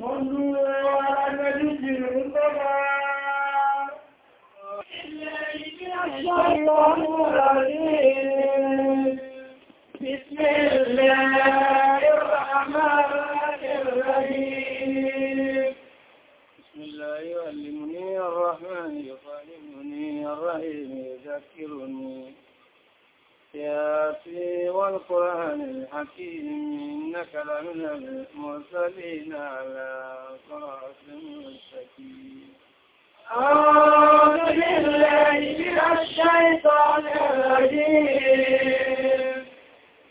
صلوا على النبي المصطفى الله العظيم بسم الله الرحمن الرحيم بسم الله يعلمني الرحمن يفهمني الرحيم يذكرني ياتي والقرآن الحكيم إنك لمن المرسلين على صراط مستقيم أعوذ بالله من الشيطان الرجيم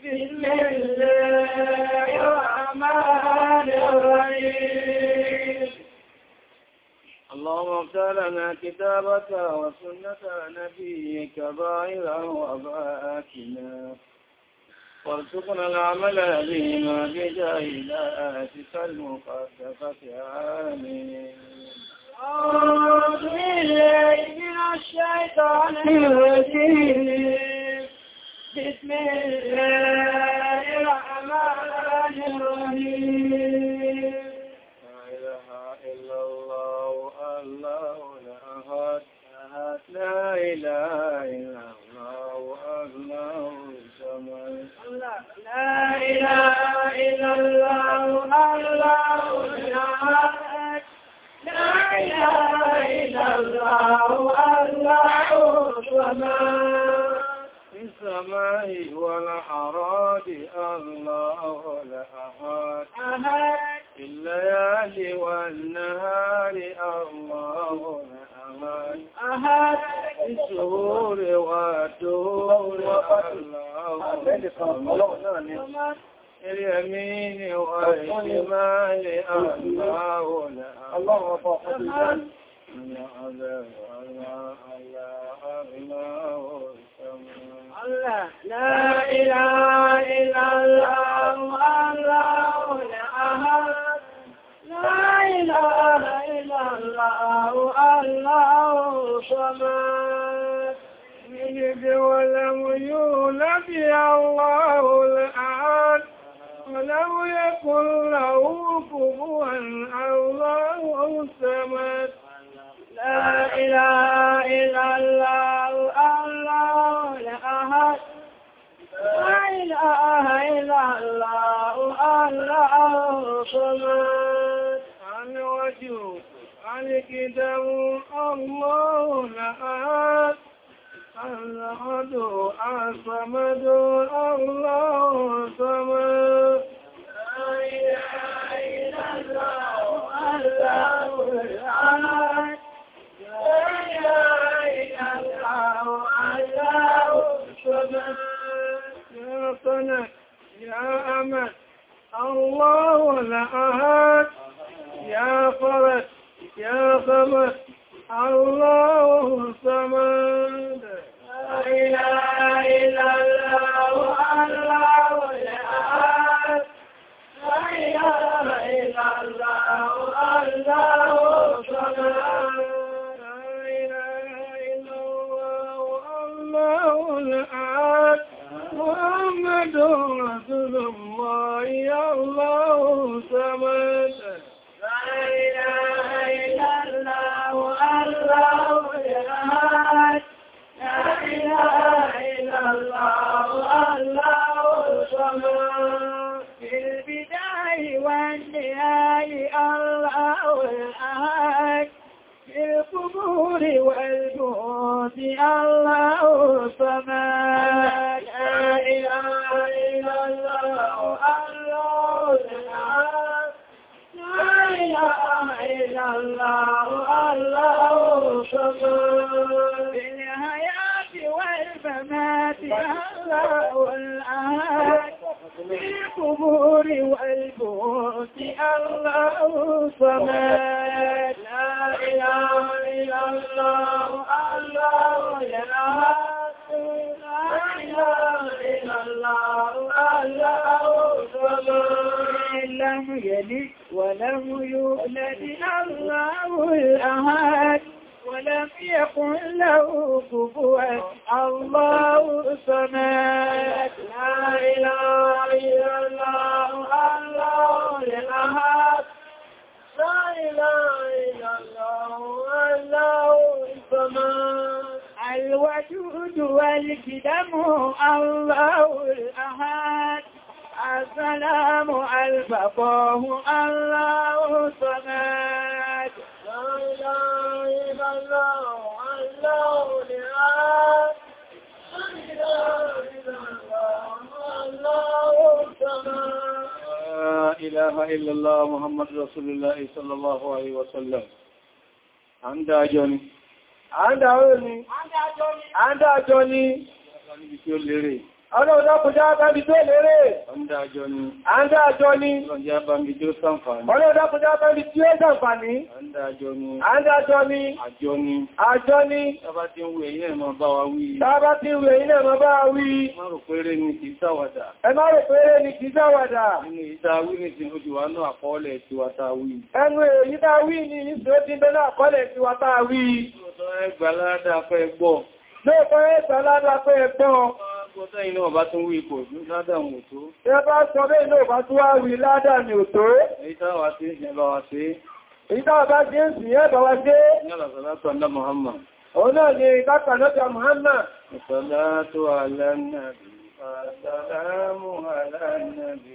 بسم الله الرحمن الرحيم اللهم اغفر لنا كتابك وسنة نبيك ظاهرا وباكنا وارزقنا العمل بهما بجاه آتك المقدسة آمين أعوذ بالله من الشيطان الرجيم بسم الله الرحمن الرحيم لا إله إلا الله أكبر الصمد لا إله إلا الله الله الصمد لا إله إلا الله الله الصمد في السماء والأراض الله الأحد في الليالي والنهار الله الأحد الرحمن أحد الشهور والدهور الله اليمين والشمال الله الله الله لا إله إلا الله الله لا أهل إله إلا الله الله صمد يلد ولم يولد يا الله الآن ولم يكن له كفوا الله الصمد لا إله إلا الله الله الأحد لا إله إلا الله الله الصمد الرجل الكتاب الله لآت الأحد الصمد الله الصمد لا إله إلا الله الله الأحد Allah Ọlọ́njẹ́ abámi tí ó sàǹfàní. Ọlọ́dá kọjá abámi tí ó sàǹfàní. Àndájọ́ ni. ni. Àjọ́ ni. Àjọ́ ni. Tábá ti ń wù èyí ẹ̀mọ bá wa wí. Tábá rò péré ni kìí sáwàdà. Ẹ má ni kìí sáwàdà. Nínú ìta wí ní ti ojú wa náà àkọọ́lẹ̀ ti wa ta wí. Ẹnu èyí ta wí ní ìṣẹ́ ti Ọjọ́ inú ọba tún wí ipò ládà mò tó. Ṣé bá sọ bẹ́ inú ọba tún wá wí ládà ní ò tó? Èyí tá wà sí ìṣẹ́ bá wá sí. Èyí tá bá sí ìṣẹ́ yẹ́ bá wá sí. Ní ọ̀lọ́sọ̀ látọ̀ ńlá Muhammad. Òun náà ni ìkápà lọ́tọ̀ Muhammad. Ìsọ̀lá tó alẹ́ nàbì, àsàlámù alẹ́ nàbì.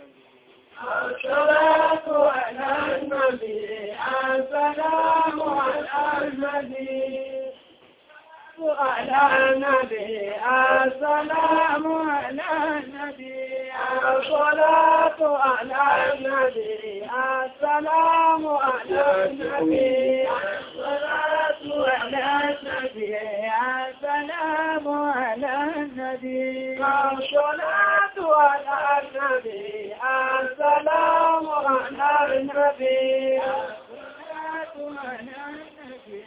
الصلاة على النبي السلام على النبي على النبي السلام على النبي الصلاة على النبي السلام على النبي الصلاة على النبي السلام على النبي النبي الصلاة على النبي السلام على النبي الصلاة على النبي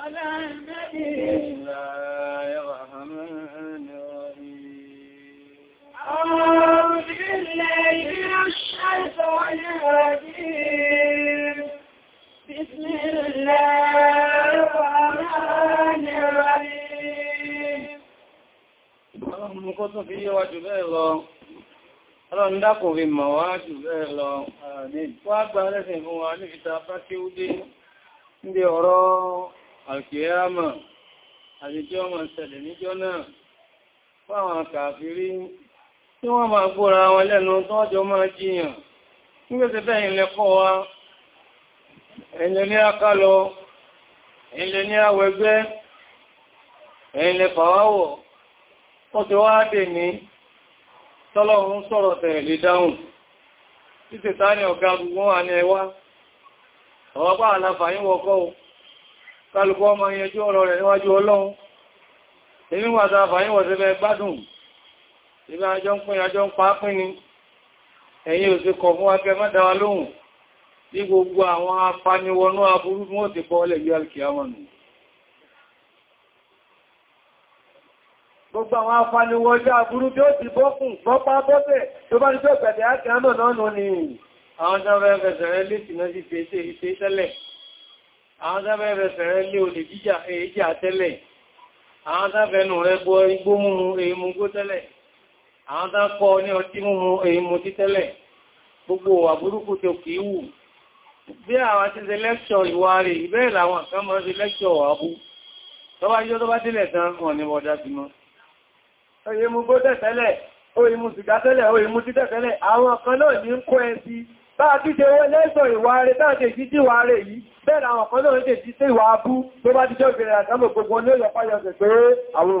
على النبي الله الرحمن الرحيم أعوذ بالله من الشيطان الرجيم بسم الله mú kó tún fi yé wa jù bẹ́ẹ̀ lọ ọlọ́run dákò fi mọ̀ wá jù bẹ́ẹ̀ lọ wá gba lẹ́sìn fún wa ní ìta bá kí ó dé ní ọ̀rọ̀ alkiyama àjíjọ́ ọmọ ìṣẹ̀lẹ̀ níjọ́ náà fáwọn kàfírí tí wọ́n máa gbóra wọn lẹ́nu tọ́jọ́ máa jiyàn nígbẹ́sẹ̀ bẹ́ẹ̀ ilẹ̀kọ́ wa ẹ̀lẹ́ akálọ ẹ̀lẹ́ awẹgbẹ́ ẹ̀lẹ́ fàwáwọ̀ ó ti wá dè ní tọ́lọ́run sọ̀rọ̀ tẹ̀rẹ̀ lè dáhùn títì tání ọ̀gá gbogbo wà ní ẹwà ọ̀wọ́pá àlàfàyín wọ́kọ́ o kálùkọ́ ọmọ ìyẹjú ọ̀rọ̀ rẹ̀ níwájú ọlọ́run èmi wà tàfàyín wọ̀ síbẹ̀ gbádùn ìbá àjọ ń pín àjọ ń pa pín ni ẹ̀yin ò sí kọ̀ fún akẹ́ mẹ́dáwà lóhùn gbogbo àwọn afaniwọjọ́ aburú bí ó ti bọ́kùn bọ́pá bọ́bẹ̀ tó bá ní tó pẹ̀lẹ̀ àti àmà náà ní àwọn jábẹ̀ẹ́fẹ̀ẹ́sẹ̀rẹ́ lè tìná sí fèsè tẹ́lẹ̀ àwọn jábẹ̀ẹ́fẹ̀ẹ́sẹ̀rẹ́ lè olè jíjà èéjì àtẹ́lẹ̀ àwọn tábẹ̀ẹ́nù rẹ̀ bọ igbó múmu èémú gó tẹ́lẹ̀ àwọn tákọ ní ọtí múmu èémú títẹ́lẹ̀ gbogbo àbúrúkú tó kìí wù bí àwọn ti ṣe lẹ́kṣọ̀ ìwà rẹ̀ ìbẹ́ẹ̀ làwọn kan mọ́ sí lẹ́kṣọ̀ àbú tó tó bá délẹ̀ tán wọn ni wọ́n dá sí mọ́ oye mú gbó tẹ́tẹ́lẹ̀ oye mú sìgá tẹ́lẹ̀ oye mú títẹ́ tẹ́lẹ̀ àwọn kan náà ní ń kó ẹsí táà tí ṣe wọ́n lẹ́sọ̀ ìwà rẹ̀ táà tẹ̀ sí ìwà rẹ̀ yìí bẹ́ẹ̀ àwọn kan náà tẹ̀ sí sí ìwà abú tó bá ti jọ́gbẹ̀rẹ̀ àtàmọ̀ gbogbo ní òyọ̀ páyọ̀sẹ̀ pé àwọn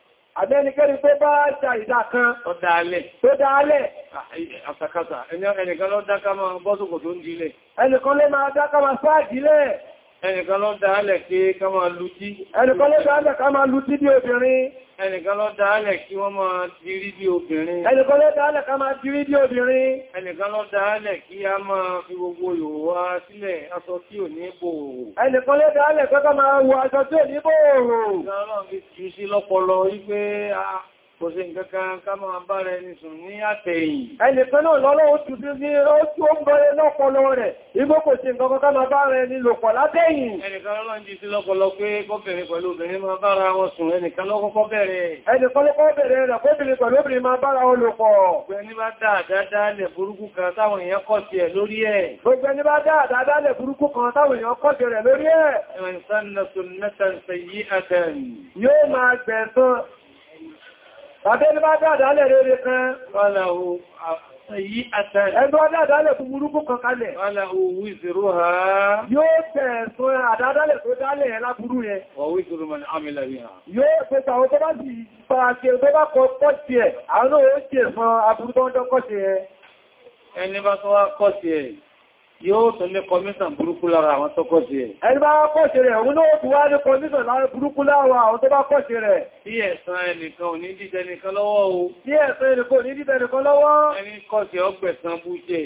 Àbẹ́nikẹ́ni tó bá ṣà ìdá kan tó dáálẹ̀. Tó dáálẹ̀. Àṣàkátà, ẹnìkan lọ dáká máa bọ́sùkò tó ń dílẹ̀. Ẹnìkan lé máa dáká máa sáà dílẹ̀ ẹnìkan ló dáálẹ̀ kí ká máa lutí ẹnìkan ló dáálẹ̀ ká máa lutí bí obìnrin ẹnìkan ló dáálẹ̀ kí wọ́n máa dirí bí obìnrin ẹnìkan ló dáálẹ̀ ká máa dirí bí obìnrin ẹnìkan ló dáálẹ̀ kí a máa fi gbogbo yòówá sílẹ̀ aṣọ tí ò ní bò ẹnìkan ló dáálẹ̀ ká máa wọ aṣọ tí ò ní bò kò sí nǹkankan kámọ̀ àbára ẹni sùn ní àtẹ̀yìn. ẹnìkan náà lọ́lọ́ ó tún sí ó tí ó ń bọ́rẹ lọ́pọlọ rẹ̀ igbó kò sí nǹkan kan máa bára ẹni lòpọ̀ látẹ̀yìn. ẹnìkan lọ́lọ́ ń jí sí lọ́pọlọ pé kọ́bìnrin pẹ̀lú obìnrin máa bára wọn sùn ẹnìkan lọ́kọ́kọ́ bẹ̀rẹ̀. ẹnìkan lọ́kọ́ ẹni kan táwọn Tàbí bá dáadáalẹ̀ rere kan, Fọ́láhù àyí àtàrí. Ẹgbẹ́ dáadáalẹ̀ fún burúkú kan kalẹ̀. Fọ́láhù wíṣìrú ha. Yóò tẹ̀ẹ̀sọ́ àdáadáalẹ̀ tó dálẹ̀ ẹ lábúrú yẹn. Wọ́n wíṣìrú mọ̀ ní àmìlẹ̀ rí ha. Yóò pẹ̀ta àwọn tó bá sì pàṣẹ tó Ẹni bá tó wá kọ́ sí ẹ̀ yóò tún ní kọmíṣàn burúkú lára àwọn tó kọ́sí ẹ̀. ẹni bá kọ́sí rẹ̀ òun náà tó wá ní kọmíṣàn lára burúkú lára àwọn tó bá kọ́sí rẹ̀. tí ẹ̀san ẹnìkan ò ní dídẹ nìkan lọ́wọ́ o. tí ẹ̀san ẹnìkan ò ní dídẹ nìkan lọ́wọ́. ẹni kọ́sí ọgbẹ̀san bú jẹ́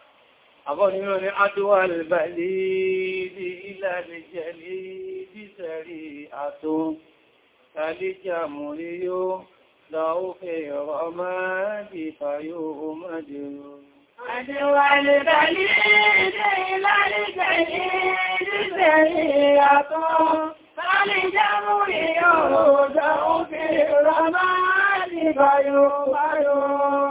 أظن العدوى البليد إلى الجليد سريعة فالجمري له في رماد فيهمد عدوى البليد إلى الجليد سريعة فالجمري له في رماد فيهمد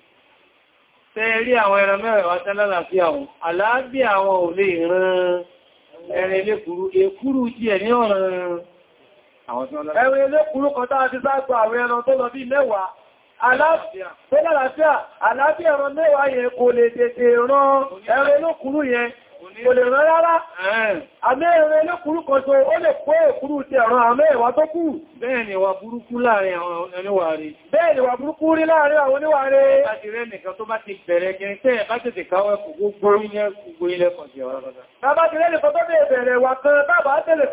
tẹ́ rí àwọn ẹran mẹ́rẹ̀ wá tẹ́ lálàáfíà wọn àlàáfíà àwọn ò lè rán ẹran elékùrú èkúrú tí ẹ̀ ní ọ̀ràn ẹran elékùrú kan tàà ti sáàtọ̀ àwọn ẹran tó lọ bí mẹ́wàá àlàáfíà kò lè rán rárá amẹ́rẹ lókùrú kan tó ó lè kó èkúrú ti ẹ̀ràn amẹ́ẹ̀wá tó kù bẹ́ẹ̀ ni wà burúkú láàrin àwọn oníwà rẹ̀ bẹ́ẹ̀ ni wà burúkú rí láàrin àwọn oníwà rẹ̀ láti rẹ́ nìkan tó bá ti bẹ̀rẹ̀ kẹrin tẹ́ bá tètè káwẹ́ kò gbogbo ilẹ̀ gbogbo ilẹ̀ kan sí ọ̀rọ̀ kan bá ti rẹ́ nìkan tó bẹ̀rẹ̀ wà kan bá tètè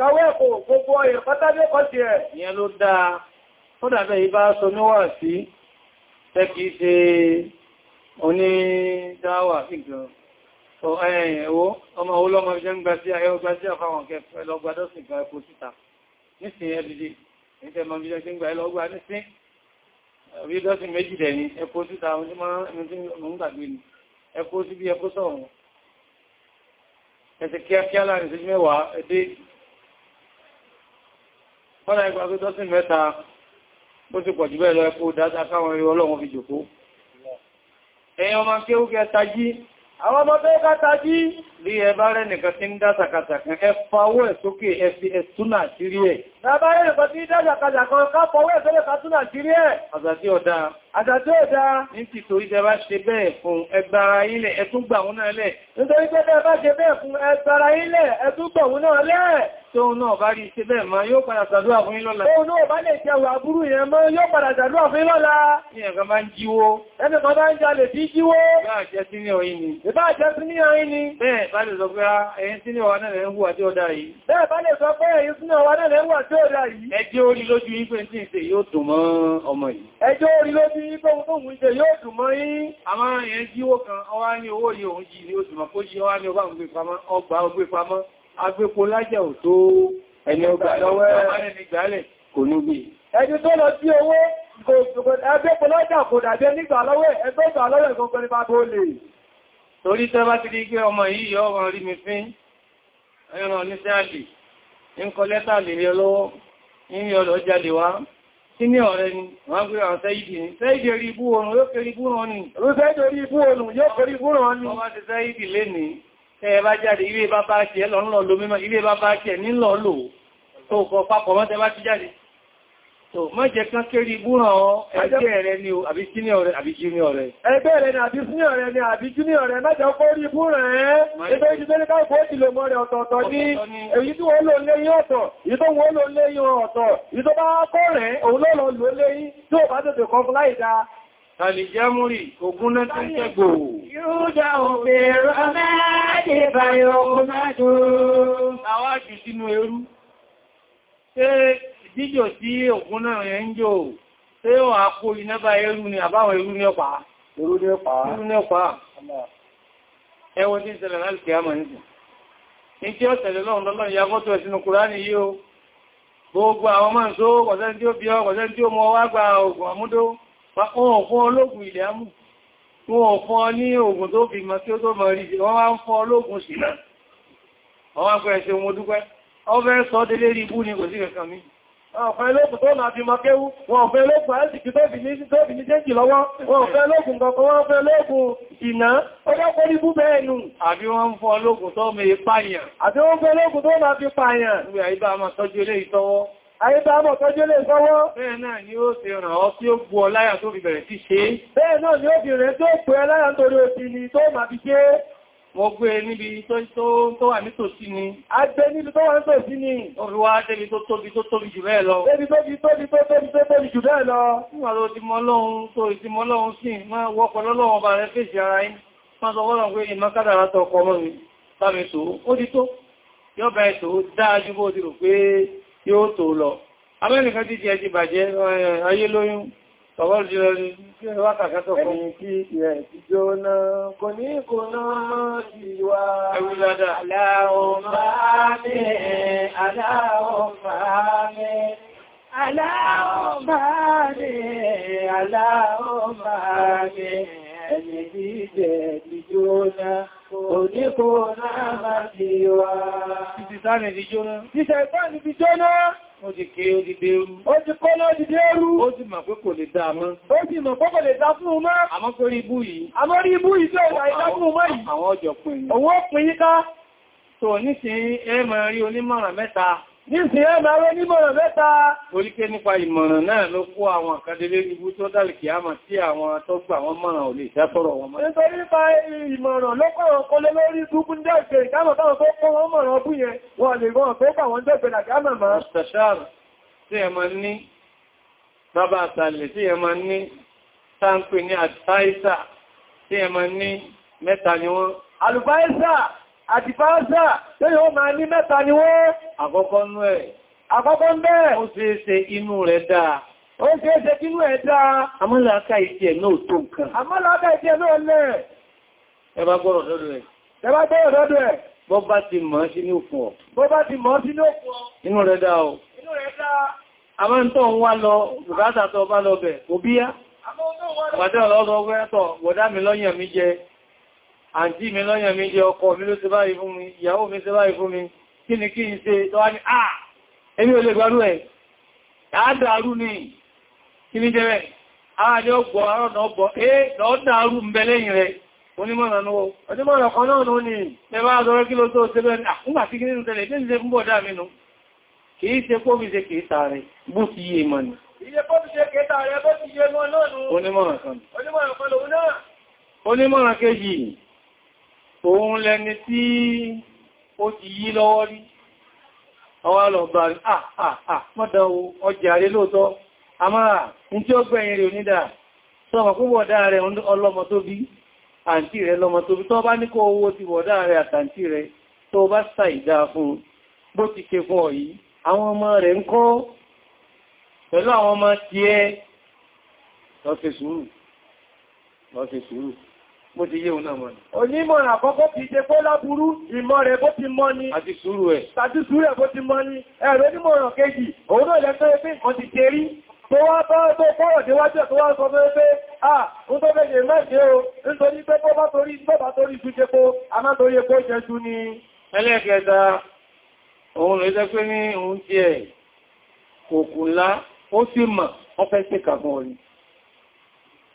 so ẹ̀yìn ẹ̀wọ́ ọmọ olọ́mọ jẹ́ ń gba sí ayọ́ gba sí àfáwọn kẹfẹ́ lọ́gbàdọ́sìn gba epo síta nísìn ẹ̀dìdì ìtẹ́ ma bí jẹ́ ń gba ẹlọ́gbà nísìn rídọ́sìn méjìdẹ̀ ní epo síta ọmọ tí mọ́ ń gbàgbé ní epo sí bí epo sọ̀rọ̀ ẹ̀sẹ̀ kíákíá láàrin sí mẹ́wàá ẹdé fọ́nà ìgbà tó dọ́sìn mẹ́ta bó ti pọ̀ jù bẹ́ẹ̀ lọ epo dáadáa káwọn ẹ̀rọ ọlọ́run fi jòkó ẹ̀yìn ọmọ kéwú kẹta jí àwọn ọmọ bẹ́ẹ̀ káta jí lè ẹbá rẹ̀ nìkan tí ń dá sàkàsàkàn ẹfà owó ẹ̀ sókè ẹfì ẹ̀túnà sírí ẹ̀. lábá rẹ̀ nìkan tí ń dá sàkàsàkàn kápọ̀ owó ẹ̀sọ́lẹ̀ kàtúnà sírí ẹ̀. àzàtí ọ̀dá àzàtí ọ̀dá ní ti torí jẹba ṣe bẹ́ẹ̀ fún ẹgbàra ilẹ̀ ẹtúgbà tó náà bá rí ṣe bẹ́ẹ̀ mọ́ yóò padà ṣàdúrà fún ilọ́la. Ó náà bá lè jẹ́ wà búrú yẹn mọ́ yóò padà ṣàdúrà fún ilọ́la. Ìyẹn kan máa ń jíwó. Ẹni kan máa ń jalè tí jíwó. Ìbá jẹ́ sí ní ọ̀yìn ni. Ìbá jẹ́ sí ní ọ̀yìn ni. Bẹ́ẹ̀ bá lè sọ pé ah, ẹ̀yin sí ní ọwà náà lẹ́ ń hùwà tí ó dá yìí. Bẹ́ẹ̀ bá lè sọ pé ẹ̀yin sí ní ọwà yóò dùn mọ́ yìí. Ẹ jẹ́ orí lójú yín kan, ọwá ní owó yìí òun jí ní oṣù mọ́ kó jí ọwá ní ọgbà ògbè pamọ́ agbépo lájà ò tó ẹni ọgbà lọ́wọ́ ẹni tó lọ sí owó agbépo lájà kò dàbí nígbà lọ́wọ́ ẹgbẹ́ ìgbà lọ́wọ́ ìgbọ́gbẹ́ ní bá bó lè torí tẹ́ bá ti rí pé ọmọ yìí yọ ọmọ rí mi fín ẹran ní sáàlì ń kọ lẹ́tà lè rí ọlọ́wọ́ ń yọ lọ jáde wá sí ní ọ̀rẹ́ ni wọ́n gbé àwọn sẹ́yìdì ní ni tẹ́ bá jáde ilé bá bá ṣe lọ ńlọ lo mímọ̀ ilé bá bá ṣe nílọ lò tó kọ papọ̀ mọ́ tẹ́ bá ti jáde tó mọ́ jẹ kán kéré búràn ẹgbẹ́ rẹ ni àbí senior rẹ àbí junior rẹ ẹgbẹ́ rẹ ni àbí senior rẹ ni àbí junior rẹ mẹ́jọ kó rí búràn ẹ́ ẹgbẹ́ ìjú mẹ́ríkà ìfẹ́ ti lè mọ́ rẹ ní èyí Àlìjámúrì ogun náà tó tẹ́gbò. Yóò dá òbèrò mẹ́rẹ́ báyọ̀ ogun náà tó. Àwọn àjù sínú ẹrú. Ṣé jíjò sí ogun náà yẹn ń jò? Ṣé wọ́n á kó iná bá ẹrú ni àbáwọn ẹrú ní ọ̀pá? Ẹrú ní ọ̀pá. Ẹrú ní ọ̀pá. Ẹwọ́n tí ń ṣẹlẹ̀ láti kìí àmà nìkan. Ní tí ó ṣẹlẹ̀ lọ́run lọ́lọ́run ya mọ́tò ẹ̀ sínú Kùránì yìí o. Gbogbo àwọn máa ń só, kọ̀sẹ́ tí ó bí ọ, kọ̀sẹ́ tí ó mọ wá gba ògùn àmúdó. Wọ́n ò fún ológun ilẹ̀ amú, wọ́n ò fún ọ ní oògùn tó fi mọ̀ tí ó tó mọ̀ rí, wọ́n wá ń ológun sí náà. Wọ́n wá pẹ̀lẹ̀ ṣe wọn dúpẹ́, ọ fẹ́ sọ délé rí ibú ní kò sí kankan mi. Wọ́n fẹ́ lókùn tó máa fi mọ kéwú, wọ́n fẹ́ lókùn Ayébámọ̀ tọ́jú lè sọ́wọ́. Bẹ́ẹ̀ náà ni ó ti ràn ọ́ tí ó bu tó fi bẹ̀rẹ̀ sí ṣe. Bẹ́ẹ̀ náà ni ó fi rẹ̀ tó pè ọláyà torí òsì ni tó máa fi ṣe. Mo gbé e níbi tó wà nítòsí ni. A gbé e níbi tó wà nítòsí ni. Ó wá débi tó tóbi tó tóbi jù bẹ́ẹ̀ lọ kí ó tó lọ amẹ́rìnká ti jẹ́ ti bàjẹ́ ayé lóyún ọwọ́ jùlọ ní wákàkátọ̀ fún kí ìrẹ̀ ìjọ kò ní kò náà ti wá ẹwùlọ́dà aláhùn máa ní aláhùn máa ní aláhùn máa ní aláhùn máa ní ẹni Òdíkò náà máa ti wá. Títí sáré ti jóná. Títí ẹ̀gbọ́n ni ti jóná. Ó ti ké ó ti dérú. Ó ti kọ́ lọ́ ti dérú. Ó ti mọ̀ pé kò lè dá mọ́. Ó ti mọ̀ pé kò lè dá fún ọmọ. Àmọ́ kó rí ibú yìí. Àmọ́ rí ibú yìí tó Nísìn ẹ máa rẹ nímọ̀ràn mẹ́ta. Torí pé nípa ìmọ̀ràn náà ló kó àwọn àkàdélé ibú tó dálìkì àmà tí àwọn tó gbà wọn mọ̀ràn ò lè sẹ́tọ̀rọ̀ wọn mọ́. Nítorí nípa ìmọ̀ràn lọ́kọ̀ọ̀rọ̀ kó lé lórí gúgún jẹ́ ìṣẹ́ ìkámọ̀ táwọn tó kọ́ wọn mọ̀ràn ọdún yẹn wọ́n lè rán pé kà wọ́n jẹ́ ìpẹ̀lẹ̀ àkámà máa. Mustashar tí ẹ máa ní, bàbá àtàlẹ̀ tí ẹ máa ní, táǹpì ní àtàìsà tí ẹ máa ní mẹ́ta ni wọ́n. Àlùbáìsà àti fáásà tó yóò máa ní mẹ́ta ni wọ́n àkọ́kọ́ nú ẹ̀ àkọ́kọ́ ń bẹ́ẹ̀ ó ṣe é ṣe inú rẹ̀ dáa ó ṣe é ṣe inú ẹ̀ dáa amọ́làáká ìdí ẹ̀ náà tó nǹkan amọ́làáká ìdí náà lẹ́ ẹ bá gbọ́rọ̀ o inú rẹ̀ dáa àmọ́ ń tọ́ ń wá lọ bùkátà tọ́ bá lọ bẹ̀ òbíyá wàdẹ́ ọ̀lọ́dọ̀ ọgbẹ́ wọ̀dá mi lọ́yàn mi jẹ àǹtí mi lọ́yàn mi jẹ ọkọ mi ló ṣe báyìí fún mi ìyàwó mi ṣe báyìí fún mi kí ni kí n ṣe tó wá ní àà èmi ò lè gbárú ẹ̀ dáadáarú ní kí ní jẹ́rẹ̀ ààrẹ ọgbọ̀ arọ́nà ọgbọ̀ ee lọ́dáarú mbẹ̀lẹ́yìn rẹ̀ onímọ̀ràn ọdúnmọ̀ràn kan náà ní ẹbá àzọrẹ́ kí ló tó ṣe bẹ́ẹ̀ àkúgbà sí kí nínú tẹ́lẹ̀ bí ṣe fún bọ̀dá mi nù kìí ṣe kó fi ṣe kìí sàárẹ̀ bó ti onímọ̀ràn kejì òun lẹni tí ó ti yí lọ́wọ́ rí ọwá lọ bá rí àà ah, ah, ah, mọ́dá ọjà rí lóòtọ́ a máa ní tí ó gbẹ̀yìn rí onídà sọmọ̀ kú bọ̀dá rẹ̀ ọlọ́mọ tó bí àǹtí rẹ̀ lọ́mọ tó bí tó bá ní kó owó ti bọ̀dá rẹ̀ àtàǹtí rẹ̀ tó bá sà ìdá fún bó ti ké fún ọ̀yí àwọn ọmọ rẹ̀ ń kọ́ pẹ̀lú àwọn ọmọ tí ẹ lọ ṣe sùúrù lọ sùúrù mo ti yé ọ̀nà mọ̀ ní. Onímọ̀ràn àkọ́kọ́ kìí ṣe pé láburú ìmọ̀ rẹ̀ bó ti mọ́ ni. Àti sùúrù ẹ̀. Tàbí sùúrù ẹ̀ bó ti mọ́ ni. Ẹ̀rọ onímọ̀ràn kejì, òun náà lẹ́tọ́ ẹgbẹ́ nǹkan ti ṣe rí. Tó wá bá tó kọ́rọ̀ déwájú tó wá sọ ah, ń tó bẹ̀rẹ̀ mẹ́ṣẹ́ o, nítorí pé bọ́ bá torí bọ́bá torí ju ṣe po, a máa torí epo jẹ́ ju ni. Ẹlẹ́ẹ̀kẹta, òun lè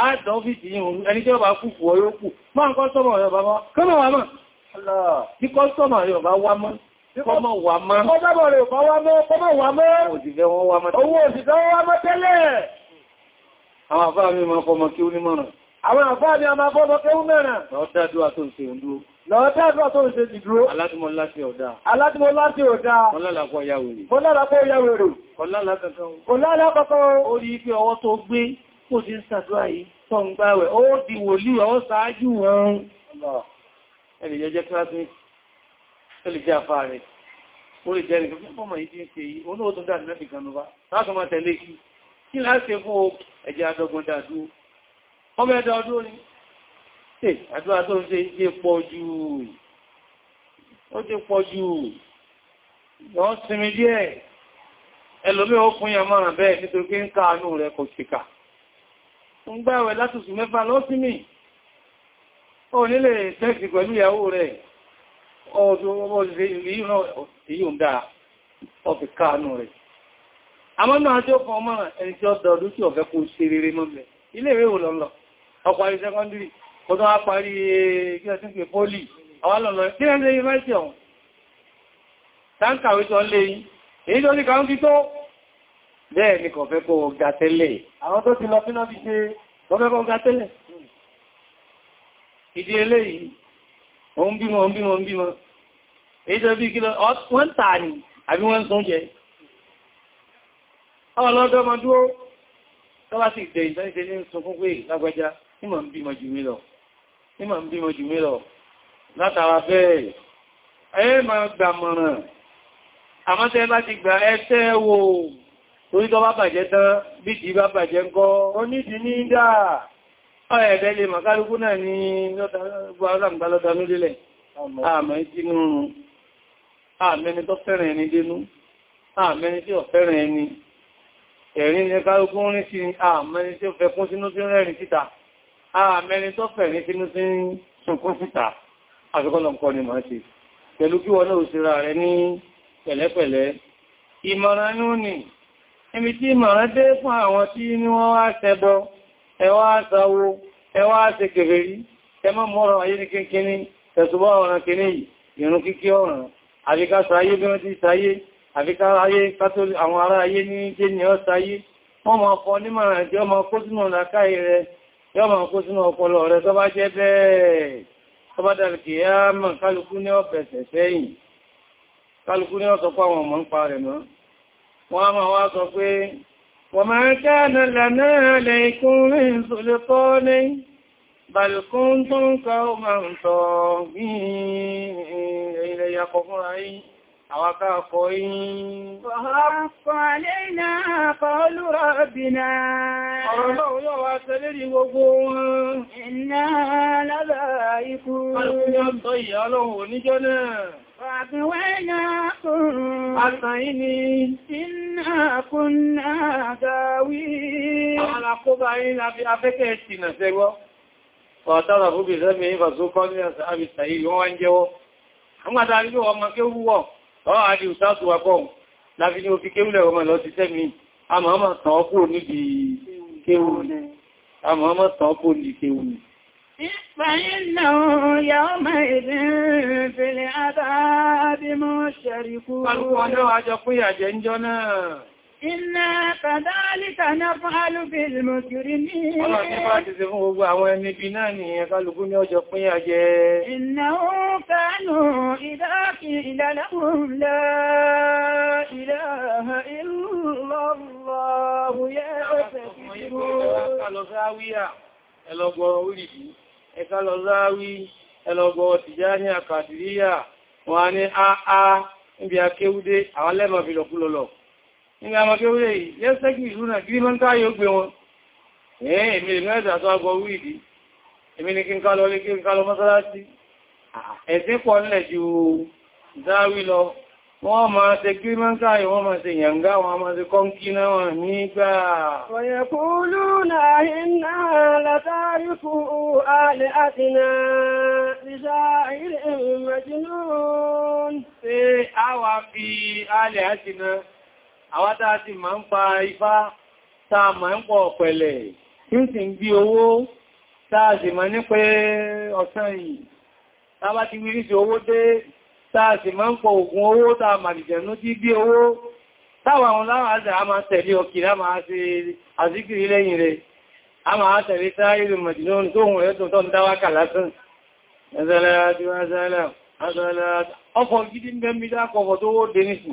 àádọ́ fìtì yìí ẹni tí ó bá kú fún ọyọ́ kù máa kọ́sọ́mọ̀ rẹ̀ bá wá kọ́mọ̀ wà mọ́ kí kọ́sọ́mọ̀ rẹ̀ bá wá mọ́ kọ́mọ̀ wà mọ́ kọ́sọ́mọ̀ rẹ̀ bá wá mọ́ kọ́mọ̀ wà mọ́ òṣìṣẹ́ wọn wá mọ́ owó òṣìṣẹ́ wọn máa fọmọ kí máa fọmọ kí ó mẹ́ràn tó ń ṣe ìdúró lọ́dádúwà tó ń ṣe ìdúró alátìmọ́ láti ọ̀dá alátìmọ́ láti ọ̀dá kọlálàpọ̀ yàwèrè kọlálàpọ̀ yàwèrè kọlálàpọ̀ kó sí sàdúrà yìí tọ́ ń gbá rẹ̀ ó di wòlíì ọ sáájú wọn ẹlẹ̀ jẹ́ jẹ́ classmate ẹlẹ̀ jẹ́ afá rẹ̀ ó lè jẹ́ ìgbẹ̀fẹ́ fọ́mọ̀ yìí tí ń ṣe yìí olóòtún dáadọ́ mẹ́fì kan lọ́wọ́ látọ́ máa tẹ̀lé kí kí láti fún ẹjẹ́ adọ́gbọ́n dáadúró ọmọ ẹ̀dọ́ ọdún ni àdúrà tó ń ṣe ṣe pọ̀ jù ó ti pọ̀ jù lọ́ sinmi díẹ̀ ẹlòmí ó fún yàmọ́ràn bẹ́ẹ̀ nítorí pé ń káàánú rẹ̀ kò síkà ń gbáwẹ̀ látùsù mẹ́fà lọ́símì ó nílé tẹ́ẹ̀sì pẹ̀lú ìyàwó rẹ̀ ọdún ọparí secondary kò tó wá parí kí ọdún pè pólì àwọn lọ́lọ́ kí ẹ́ lè yí mẹ́sì ọ̀hún táǹkà wítọ́ lè yí èyí tó ní kàún kí tó bẹ́ẹ̀ ni kọ̀fẹ́ kó ga tẹ́lẹ̀ àwọn tó ti lọ fínà bí ṣe kọ̀fẹ́ kó ga tẹ́lẹ̀ ìdí eléyìí òun bímọ òun bímọ òun bímọ èyí tó bí kílọ wọ́n tà ní àbí wọ́n sún jẹ ọlọ́dọ́ ọmọ dúró tó bá sì tẹ̀ ìtẹ́lẹ̀ ní sunkún pé lágbàjá ní mọ̀ ń bímọ jù ń bímọ jù mí lọ látara bẹ́ẹ̀ ẹ máa gbàmọ̀ràn àmọ́tẹ́ bá ti gbà ẹ tẹ́ wò ó torí tó bá bàjẹ́ tán bí ti bá bàjẹ́ ń kọ́ onídìí ní dáa ọ̀ẹ̀ẹ̀dẹ́ lè màkálùkú náà ní lọ́dàmgbàlọ́dàmílẹ̀ àmà ìtinú àmẹni tó fẹ́ràn ẹni dénú àmẹni tí ó fẹ́ràn ẹni ẹ̀rin ní kálùkú rí sí àmẹni tí ó fẹ́ kún sínú sí rẹ̀rin síta àmẹni tó fẹ̀rin sínú sí sunkún síta àfikọ́lọ̀kọ́ ni màá ṣe pẹ̀lú kí wọ́n náà òṣèrà rẹ̀ ní pẹ̀lẹ́pẹ̀lẹ́ ìmọ̀ràn ní ibi tí màá dé fún àwọn tí ní wọ́n wá ṣẹbọ ẹwà àṣàwò ẹwà àṣẹ kèfèrí ẹmọ mọ́rọ̀ ayé ní kínkíní tẹ̀sùbọ́ ọ̀ràn kìíní ìrun kíkí ọ̀ràn àfikà sáyé bí wọ́n ti sáyé àfikà ayé kátólì àwọn ará ayé ní jẹ́ ni ọ sáyé wọ́n ma kọ ní màá jẹ́ ọmọ kó sínú ọ̀sọ̀pọ̀ àwọn ọmọ ń pa rẹ̀ mọ́ wọ́n máa wá sọ pé wọ́n máa kana lana alaykum min sultani bal kuntum qawman taghin ilẹ̀ yakọ̀ fúnra yìí àwọn akáàkọ́ yìí. Ọ̀pọ̀ lẹ́nà pọ̀lú rọ̀bìnà. Ọ̀rọ̀ náà yóò wá tẹ́lé rí gbogbo Àgbẹ̀wẹ́yàkùn. Mm. Àtàyí ni. Iná kúnná dáwí. Àwọn alákóbá yìí lábí afẹ́kẹ́ ìsìnà sẹ́gbọ́. Ọ̀tọ́rọ̀ fúbì sẹ́mi ìfàsókọ́ ní àṣà àbìsàyí wọ́n wá ń jẹ́wọ́. Àwọn àtàrí ló ọmọ kéwú wọ̀, ọ́ àdí ìsáàtù wà pọ̀ láfi ní òfin kéwú lẹ̀wọ́ mọ̀ lọ ti sẹ́mi. A mọ̀ tàn ọkùn níbi kéwú فإنه يومئذ في العذاب مشركون Iná kàdálítà náà fàálù bí ìlmọ̀kìrí ní ẹ̀ẹ́. Ọlọ́run ní bá ti ṣe fún gbogbo àwọn ẹni bí náà ni ẹ̀kálùkú ní ọjọ́ pín àjẹ́. Iná ẹ̀ka lọ záwí ẹlọgbọ̀ Tìjàní àkàdìríyà wọn ní àá níbi akéwúdé àwọn lẹ́mọ̀ fi lọ́kúlọ́lọ́ níbi àwọn akéwúdé yìí lẹ́sẹ́kì ìlú náà gírí mọ́ntá yóò gbé wọn ẹ̀ẹ́ èmi lè mẹ́ta tó wọ́n máa ṣe kí mọ́ǹkà wọ́n máa ṣe yàngá wọ́n máa ṣe kọ́ǹkí náà nígbà wọ̀yẹ̀kúlù náà iná látàrífù alẹ́ àtìnà ìṣà ilẹ̀ ìmẹ̀jìnún ṣe àwà fi alẹ́ àtìnà àwátá ti máa ń pa ifá táa máa ń pọ̀ pẹ̀lẹ̀ tí ń sì ń gbí owó táà sì máa ń pọ̀ ògùn owó táà màrìjẹ̀nú tí bí owó táwọn àwọn láwọn àjà a máa tẹ̀lé ọkìnrin a máa ṣe àzíkiri lẹ́yìn rẹ̀ a máa tẹ̀lé táàrí màrìjẹ̀nú tó hùn rẹ̀ tó tọ́ ń dáwákà lásán ẹzẹ́lẹ́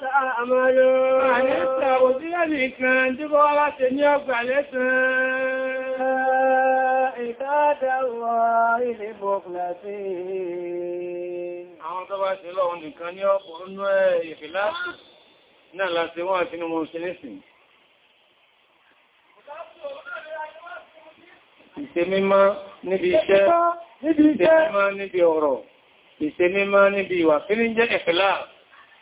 àmàlò àníṣà òjílẹ̀ nìkan díbọ́ láti ní ọgbà lẹ́sàn ìkádàwọ̀ ilé bọ̀kùnlẹ̀sí àwọn tó bá ṣe lọ́wọ́ nìkan ní ọ̀pọ̀ nínú ẹ̀ ìfìlá náà láti wọ́n àti nínú ṣe nísìn ìṣe mímọ́ níbi iṣẹ́ ìṣe mímọ́ níbi ọ̀rọ̀ ìṣe mímọ́ níbi ìwà kí ní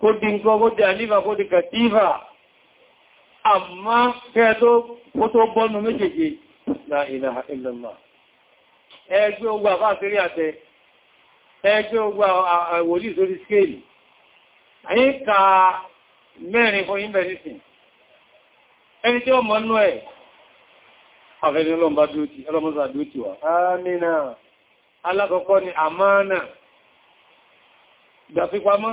kó di nǹkan kó di àlífà kó di kàtífà àmá kẹ́ tó bọ́nu méjèèjì la ilaha illallah ẹgbẹ́ ogun àfáàfẹ́rí àtẹ ẹgbẹ́ ogun àwòrí ìsorí skéèlì àyí ka mẹ́rin fún ìbẹ̀rẹ̀sìn ẹni tí ó mọ́ nú ẹ̀ àfẹ́rí ọlọ́mọba dúótì ọlọ́mọba dúótì wà ámìnà alákọ̀ọ́kọ́ ni àmánà gbàfipamọ́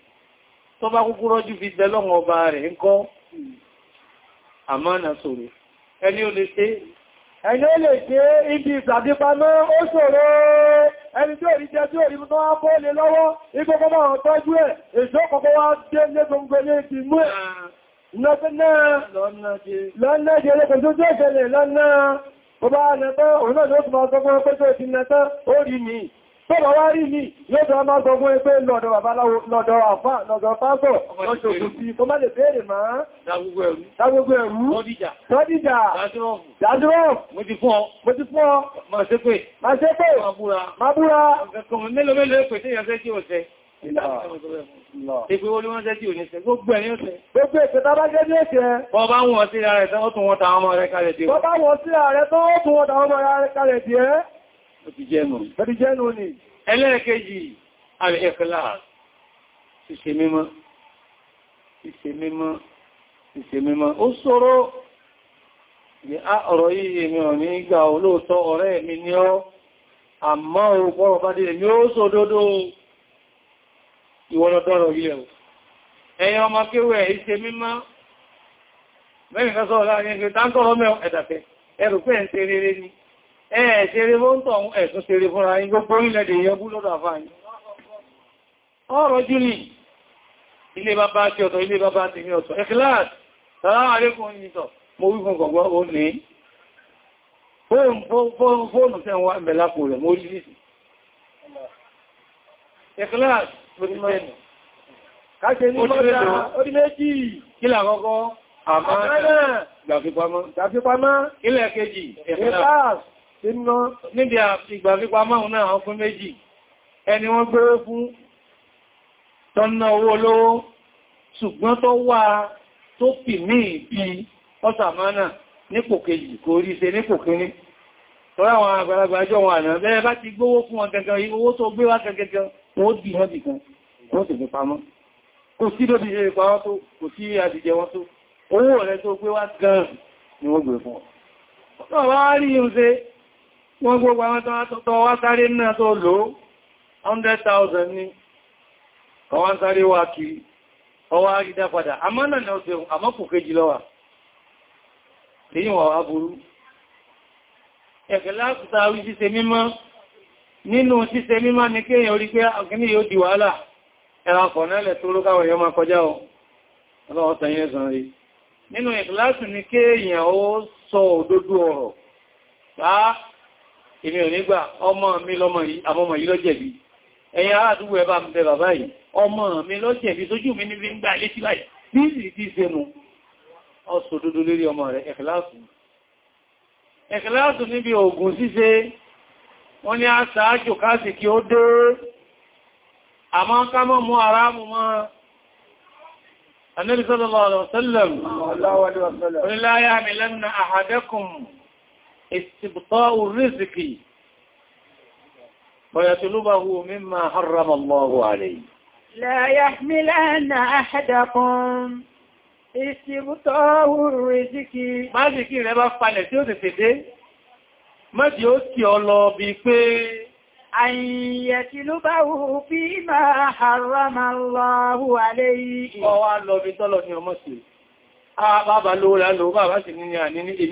tó bá kúkú rọ́jú fi bẹ lọ́wọ́ ọba rẹ̀ ń kọ́ àmánà sòrò ẹni ó lè ṣe ẹni ó lè ṣe ibi ìsàdípamọ́ ó ṣòro ẹni tí òrí jẹ́ tí òrí mú tó wá kó lè lọ́wọ́ igbogbo máa ń tọ́jú ẹ̀ èso kòkó wá dé lé gbogbo ilé ti mú ẹ̀ lọ́nà jẹ́ lẹ́kùn tó tó ṣẹlẹ̀ lọ́nà ó bá nẹ́tọ́ òun náà tó bá wá rí ní yóò tó máa sọ fún ẹgbẹ́ lọ́dọ̀ babaláwo lọ́dọ̀ àfá lọ́dọ̀ pásọ̀ lọ́dọ̀ òkùsí tó má lè béèrè máa dágbogbo ẹ̀rú tọ́díjà dájúrọ̀f mo ti fún ọ máa ṣe pé máa búra mélòó mélòó ẹ̀pẹ̀ tí ìyànṣẹ́ kí ó ṣe Ìgbé olúwọ́n jẹ́ tí ò ní ṣe, gbogbo ẹ̀yìn ọ̀sẹ̀. Gbogbo ẹ̀sẹ̀ tá bá jẹ́ ní ẹ̀ṣẹ̀. Bọ́ bá Ẹlẹ́ẹ̀kejì, al-ikhlas, ṣíṣe mímọ́, ṣíṣe mímọ́, ṣíṣe mímọ́. Ó ṣòro, ní á ọ̀rọ̀ yìí mi ò ní gbà olóòtọ́ ọ̀rẹ́ mi ní ọ́, àmọ́ òpọ̀rọ̀ bá dìrẹ̀ mi ó sọ dódó ìwọ̀lọ̀dọ́rọ̀ ilẹ̀ ẹ̀yàn ọmọ kéwẹ̀ ìṣe mímọ́ mẹ́rin kan sọ́ọ̀lá ní ẹgbẹ̀ táńkọ́rọ́ mẹ́ ẹ̀dàfẹ́ ẹrù pẹ́ ń tẹ́ rere ni ẹ̀ ṣeré bó ń tọ̀ ẹ̀sùn ṣeré fúnra yín gbogbo orílẹ̀-èdè yọbú lọ́dọ̀ àfáàní ọ̀rọ̀ jú ní ilé bàbá tí ọ̀tọ̀ ilé bàbá ti ní ọ̀tọ̀ ẹ̀kìláàsì sàrá àrékùn ìyìntọ̀ mo wí fún gbogbo ó ní fóònù tẹ́ wà ń bẹ̀ lápò rẹ̀ mo rí sí ẹ̀kìláàsì lórí mẹ́rin káṣe ní mọ́ta orí méjì Inú níbi ìgbà pípa márùn náà wọ́n fún méjì, ẹni wọ́n gbé fún tọ́nà owó olówó, ṣùgbọ́n tó wà tó pì ní ìbí ọ́sàmánà nípò kejì kò rí ṣe nípò kíní. Tọ́rọ àwọn àgbàlagbà ẹjọ́ wọn àná bẹ́ẹ̀ bá ti gbówó fún wọn gẹ́gẹ́ owó tó gbé wá gẹ́gẹ́ wọ́n dì hàn bìkan, wọ́n sì fi pamọ́. Kò sí lóbi ṣe rí ń wọ́n gbogbo àwọn tó wá sáré náà tó lò 100,000 ní ọwọ́n sáré wá kiri ọwọ́ àrídá padà àmọ́ náà náà ṣe àmọ́kù kejì lọ́wà lèyí wà wá burú ẹ̀kẹ̀ láàkùta orí ṣíṣe mímọ́ nínú ṣíṣe mímọ́ ní kí èyàn orí pé àkíní yóò di wàhálà ẹ̀rà kọ̀nẹ́lẹ̀ tó ló káwọn èèyàn máa kọjá ọ ọlọ́wọ́ tẹ̀yìn ẹ̀sàn rí nínú ìkìláàsì ní kí èèyàn ó sọ òdodo ọ̀rọ̀ èmi ò nígbà ọmọ mi lọ́mọ yìí àmọ́mọ̀ yìí lọ́jẹ̀bí ẹ̀yìn àádúgbò ẹbá ń bẹ bàbá yìí ọmọ mi lọ́jẹ̀bí sójú mi ní gbà létí láì bí ìsì tí ṣe mú ọsọ dúdú lérí ọmọ rẹ̀ ẹ̀kìláàsù ẹ̀kìláàsù níbi ogun ṣíṣe wọ́n ní aṣáájò káàsì kí ó استبطاء الرزق ويطلبه مما حرم الله عليه لا يحملن أحدكم استبطاء الرزق má sì kí rẹ bá falẹ̀ tí ó sì fèdé má sì ó kí ọ lọ bí pé àyẹ̀tìlúbáwò bí máa harama lọ́wọ́ aléyìí ọwá lọ bí tọ́lọ̀ ah, ní ọmọ sí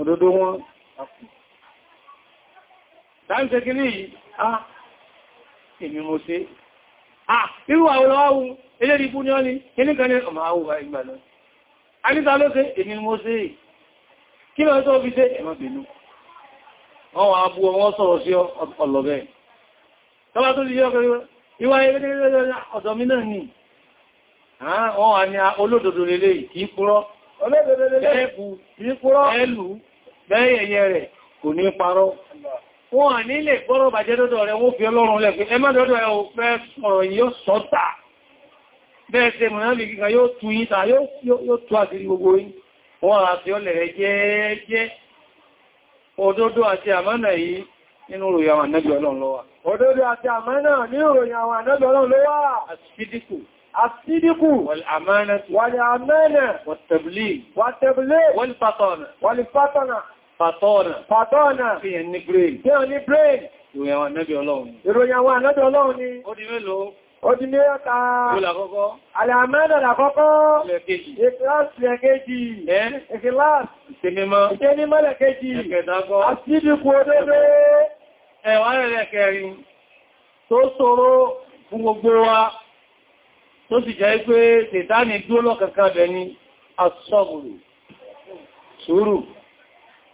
òdòdó wọn láìsẹ́ kí ní yìí á ah, èmi mo ṣe à ah, irú àwọn ọwọ́ eléri ikú ní ọ́ni kí ní kan ní ọmọ àwọ̀ ìgbà náà a níta ló ṣe èmi mo ṣe kí lọ tó fi ṣe ẹ̀mọ́ bínú wọ́n wà bú ọwọ́ sọ̀rọ̀ sí ọlọ́bẹ̀ tọ́bá tó ti yọ́ kẹrẹ ìwà ọ̀dọ̀ bẹ́ẹ̀ yẹ̀yẹ rẹ̀ kò ní parọ́ wọ́n à nílé gbọ́rọ̀ bàjẹ́ dọ́dọ̀ rẹ̀ wọ́n fi ọlọ́run lẹ́fẹ́ ẹ má dọ́dọ̀ ẹ̀ òfẹ́ sọ̀rọ̀ yóò sọ́tà bẹ́ẹ̀ ṣe mọ̀lábì kíkà yóò tú yíta yóò tú àti gbogbo yín wọ́n à fi ọlẹ̀ rẹ̀ jẹ́ẹ́jẹ́ òdodo àti àmánà yìí nínú ìròyìn àwọn ànábì ọlọ́run ló wà òdodo àti àmánà nínú ìròyìn àwọn ànábì ọlọ́run ló wà Fàtọ́ọ̀nà. Fàtọ́ọ̀nà. Fi ẹ̀ ní brain. Tí ọ ní brain. Ìròyìn àwọn ànábì Ọlọ́run. Ìròyìn àwọn ànábì Ọlọ́run ni. Ó di mélòó? Ó di mẹ́ta. Ó làkọ́kọ́. Àlàmẹ́dà làkọ́kọ́. Lẹ́kejì. Ìkìláàsì lẹ́kejì. Ẹ́? Ìkìláàsì. Ìṣẹ́mímọ́. Ìṣẹ́mímọ́ lẹ́kejì. Ẹ̀kẹ̀dàkọ́. Àṣídìkú òdodo. Ẹ̀wọ̀n rẹ̀ kẹrin. Tó ṣòro fún gbogbo wa. Tó sì jẹ́ pé Tètánì dúró lọ́kankan bẹ̀ ni. Àṣọ́gùrù. Sùúrù.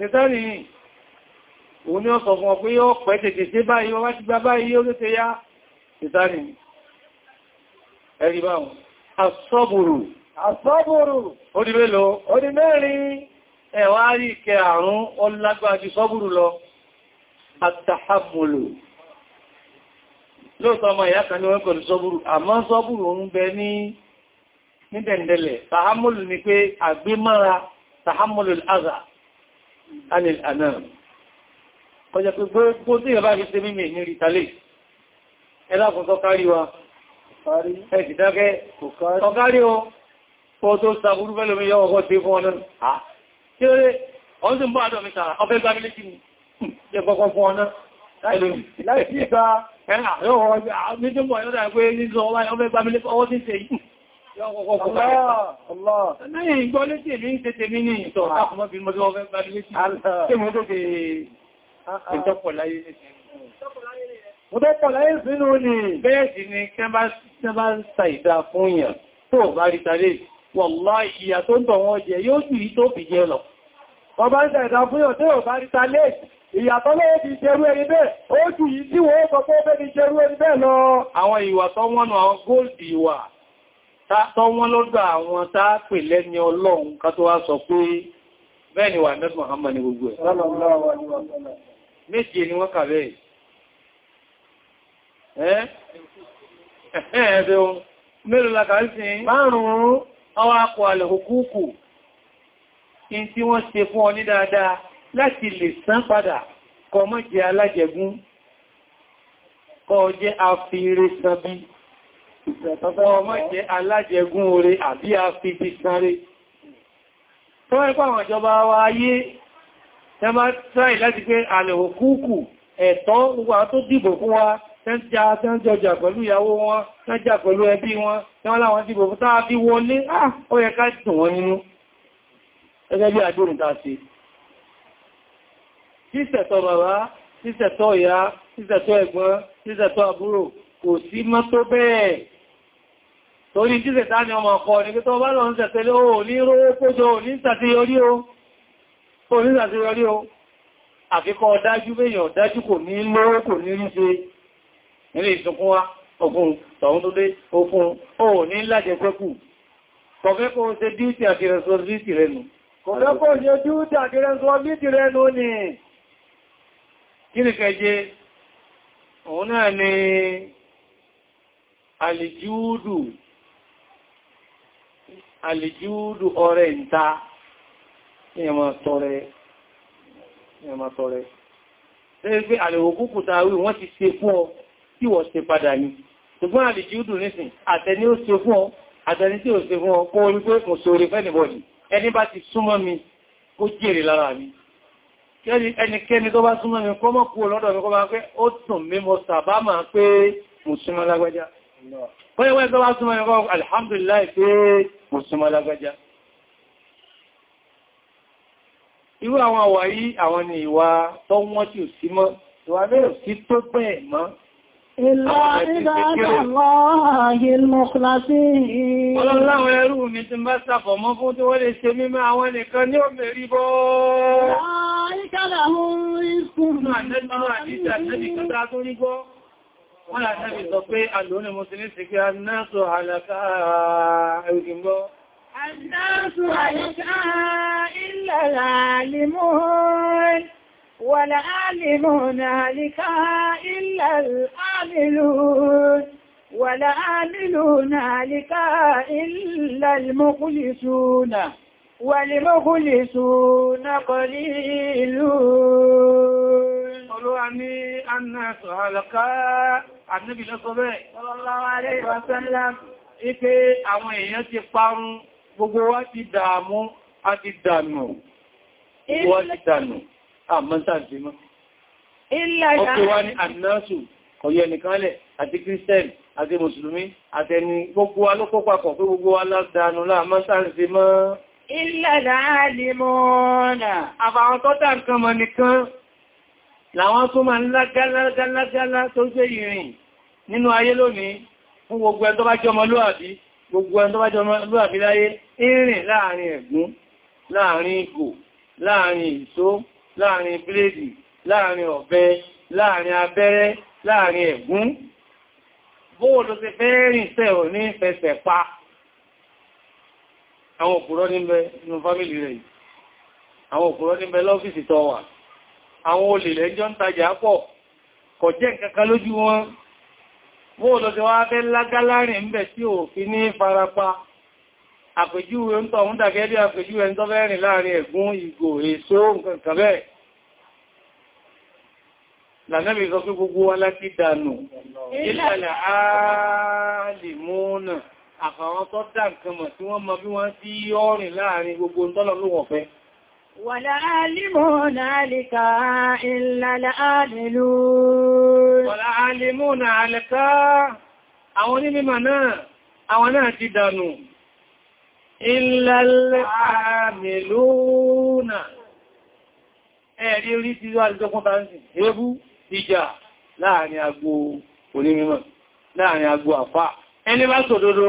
ṣẹ̀tọ́rì òun ni ó sọ fún ọ pé yóò pẹ́ tètè sí báyìí wọ́n bá ti gbá báyìí yóò lóte yá ṣẹ̀tọ́rì ẹ̀rí báwọn asọ́bùrù asọ́bùrù ó di mélò ó di mẹ́rin ẹ̀wà rí ìkẹ́ àrùn ó lágbára kan ní wọ́n pẹ̀lú sọ́bùrù àmọ́ sọ́bùrù ń bẹ ní ni pé àgbémára tàhámùlù àzà anil anam kọjá pé gbogbo tí ìyàbá fi ṣe mímẹ̀ ní rítalẹ̀ ẹlákùn tọ́kárí wa ẹ̀sìdákẹ́ tọ́kárí o kó tó sàbúrú pẹ́lú mi yọ ọkọ̀ tí fún ọdún tí ó rẹ̀ ọdún tí ń bọ́ àdọ̀ mi tààrà ọfẹ́ gbá mílé kìí jẹ́ kọ́kọ́ fún ọdún láìlú Lẹ́yìn ìgbọ́ létí èmi ń tètè mí ní ìtọ̀ àkùnmọ́ bí mo lọ́wọ́ fẹ́ bá létí. Tí mo tó fi ìtọ́pọ̀ láyé létí. Mo tọ́pọ̀ láyé sínú ni. Bẹ́ẹ̀ sì ni kẹ́ bá ń sa ìdá fún yàn tó bá rí tàrí wọ̀lá ìyà tó ń tọ̀ wọn jẹ yóò sì rí tó fi jẹ lọ. Wọ́n bá ń sa ìdá fún yàn tó bá rí tàrí ìyàtọ̀ lọ́wọ́ ti jẹrú ẹni bẹ́ẹ̀ ó jù yìí tí wọ́n kọ̀kọ́ bẹ́ẹ̀ ti jẹrú ẹni bẹ́ẹ̀ lọ. Àwọn ìwà tó wọ́n àwọn góòlù ìwà tọ́ wọ́n lọ́dọ̀ àwọn táàpè lẹ́ni ọlọ́run ká tó wá sọ pé bẹ́ẹ̀ ni wà nẹ́bùn Muhammad ní gbogbo ẹ̀ méje ni wọ́n kàbẹ̀ ẹ̀ ẹ̀ẹ́bẹ̀ ohun mélòó la kàrí sí márùn-ún ọwọ́ akọ̀ alẹ̀ òkúùkù in tí wọ́n ṣe fún ọ ní dáadáa láti lè san padà kọ mọ́ jẹ alájẹgún kọ jẹ afẹ́rẹ́ sanbi ọmọ jẹ́ alájẹgún oore àbí a fi ti sáré tó ẹ́pọ̀ àwọn ìjọba wa ayé tẹ́ máa tráì láti pé àlẹ̀wò kúkù ẹ̀tọ́ wa tó dìbò fún wa tẹ́jà tẹ́jọjà pẹ̀lú ìyàwó wọn tẹ́jà pẹ̀lú ẹbí wọn tẹ́wọ́n láwọn dìbò fún táà bí wọlé ah, ó yẹ ká dùn wọn nínú gẹ́gẹ́ bí àdúrùn tàà sí sísẹ̀tọ̀ bàbá sísẹ̀tọ̀ ìyá sísẹ̀tọ̀ ẹ̀gbọ́n sísẹ̀tọ̀ àbúrò kò sí mọ́ tó bẹ́ẹ̀ torí jíṣẹ̀ tání ọmọ ọ̀pọ̀ ní pé tó bá lọ ń sẹ̀tẹ̀lé ó ní rówó kójọ ní ṣàṣeyọrí o àfikọ́ dájú méyàn dájú kò ní lówó kò ní rí ṣe nílé ìsìnkún wá ọkùn tọ̀hún tó dé okùn ó ní lájẹ̀ pẹ́kù kọ̀fẹ́kọ́ ṣe alìjúúdù ọrẹ ìta ní ẹmọ tọrẹ ṣe pé àlèwò kúkù tàwí wọ́n ti ṣe fún ọ tí wọ́n ṣe padà ní ṣùgbọ́n alìjúúdù nísìn àtẹni ó ṣe fún ọ àtẹni tí ó ṣe fún ọ kó orí pé kò sóre fẹ́nìbọ̀dì ẹni bá ti súnmọ́ mi kó jèrè lára mi ẹnikẹ́ni tó bá súnmọ́ mi kọ́mọ́ kú ọlọ́dọ̀ mi kọ́ bá pé ó tùn mímọ̀ sàbámà pé mùsùlùmí lágbájá Bọ́yẹ̀ wọ́n ẹgbẹ́ wá súnmọ́ ẹ̀kọ́ alhamdulillah pé mo súnmọ́ lágbàjá. Irú àwọn àwà yìí àwọn ni ìwà tó wọ́n tí ò sí mọ́, ìwà bẹ́ẹ̀ sí tó bẹ́ẹ̀ mọ́. Ìlà ìdájọ́ Allah wọ́n yà tẹ́bì sọ pé alóní musulmi sì kí annáṣò àlàkà ẹ̀rùgbọ́. annáṣò àlàkà ìlàlà alìmọ́n wàlà alìmọ́n àlìkà ìlàlàmìlún wàlà alìlún àlìkà ìlàlmọ́kúlìsúnà wàlìmọ́kúlìsúnà kọlìlún olúwa ní annáṣọ́ alọ́ká annabi lọ́sọ bẹ́ẹ̀ sallallahu alaihi wasallam ipé àwọn èèyàn ti parun gbogbo wa ti dààmú a ti dànù wọ́n ti dànù àmọ́sàdìmọ́ ọkọ̀ wa ní annáṣù ọ̀yẹ́ nìkanlẹ̀ àti kírísítẹ́nì àti mùsùlùmí àtẹni gbogbo wa ló kó papọ̀ pé gbogbo wa ládàánú láàmọ́sàdìmọ́ Ilẹ̀ láàrín mọ́ọ̀nà. Àbàwọn làwọn tó máa lágálágálágálá tó ṣe ìrìn nínú ayé lónìí fún gbogbo ẹ̀ tó bá jọmọ lóàbí gbogbo ẹ̀ tó bá jọmọ lóàbí láyé ìrìn láàrin ẹ̀gún láàrin ìgò láàrin ìṣó láàrin bíléèdì láàrin ọ̀bẹ láàrin abẹ́rẹ́ láàrin ẹ̀gún bóò ló ti fẹ́ rìn tẹ́ ò ní fẹsẹ̀ pa àwọn òpùrọ́ níbẹ̀ nínú fámìlì rẹ̀ lọ́fíìsì tó àwọn olè lẹ́jọ́ ń tajà pọ̀ kò jẹ́ kankan lójú wọn wọ́n lọ sí wá fẹ́ lágá láàrin ń bẹ̀ tí ò fi ní farapa àpèjúwe ń tọ̀ ń dàgẹ́ bí àpèjúwe ń tọ́fẹ́ rìn láàrin ẹ̀gún ìgò èso nǹkan bẹ́ẹ̀ lànàbì sọ pé gbogbo wa láti dànù ìlànà àálìmúnà àfàwọn والعالمون عليك إلا العاملون والعالمون عليك àwọn onímọ̀ náà àwọn náà ti dànù إلا العاملون ẹ̀rí orí ti rí àjọkún tàbí ebú ìjà láàrin agbo onímọ̀ láàrin agbo àfá ẹni bá sòdodo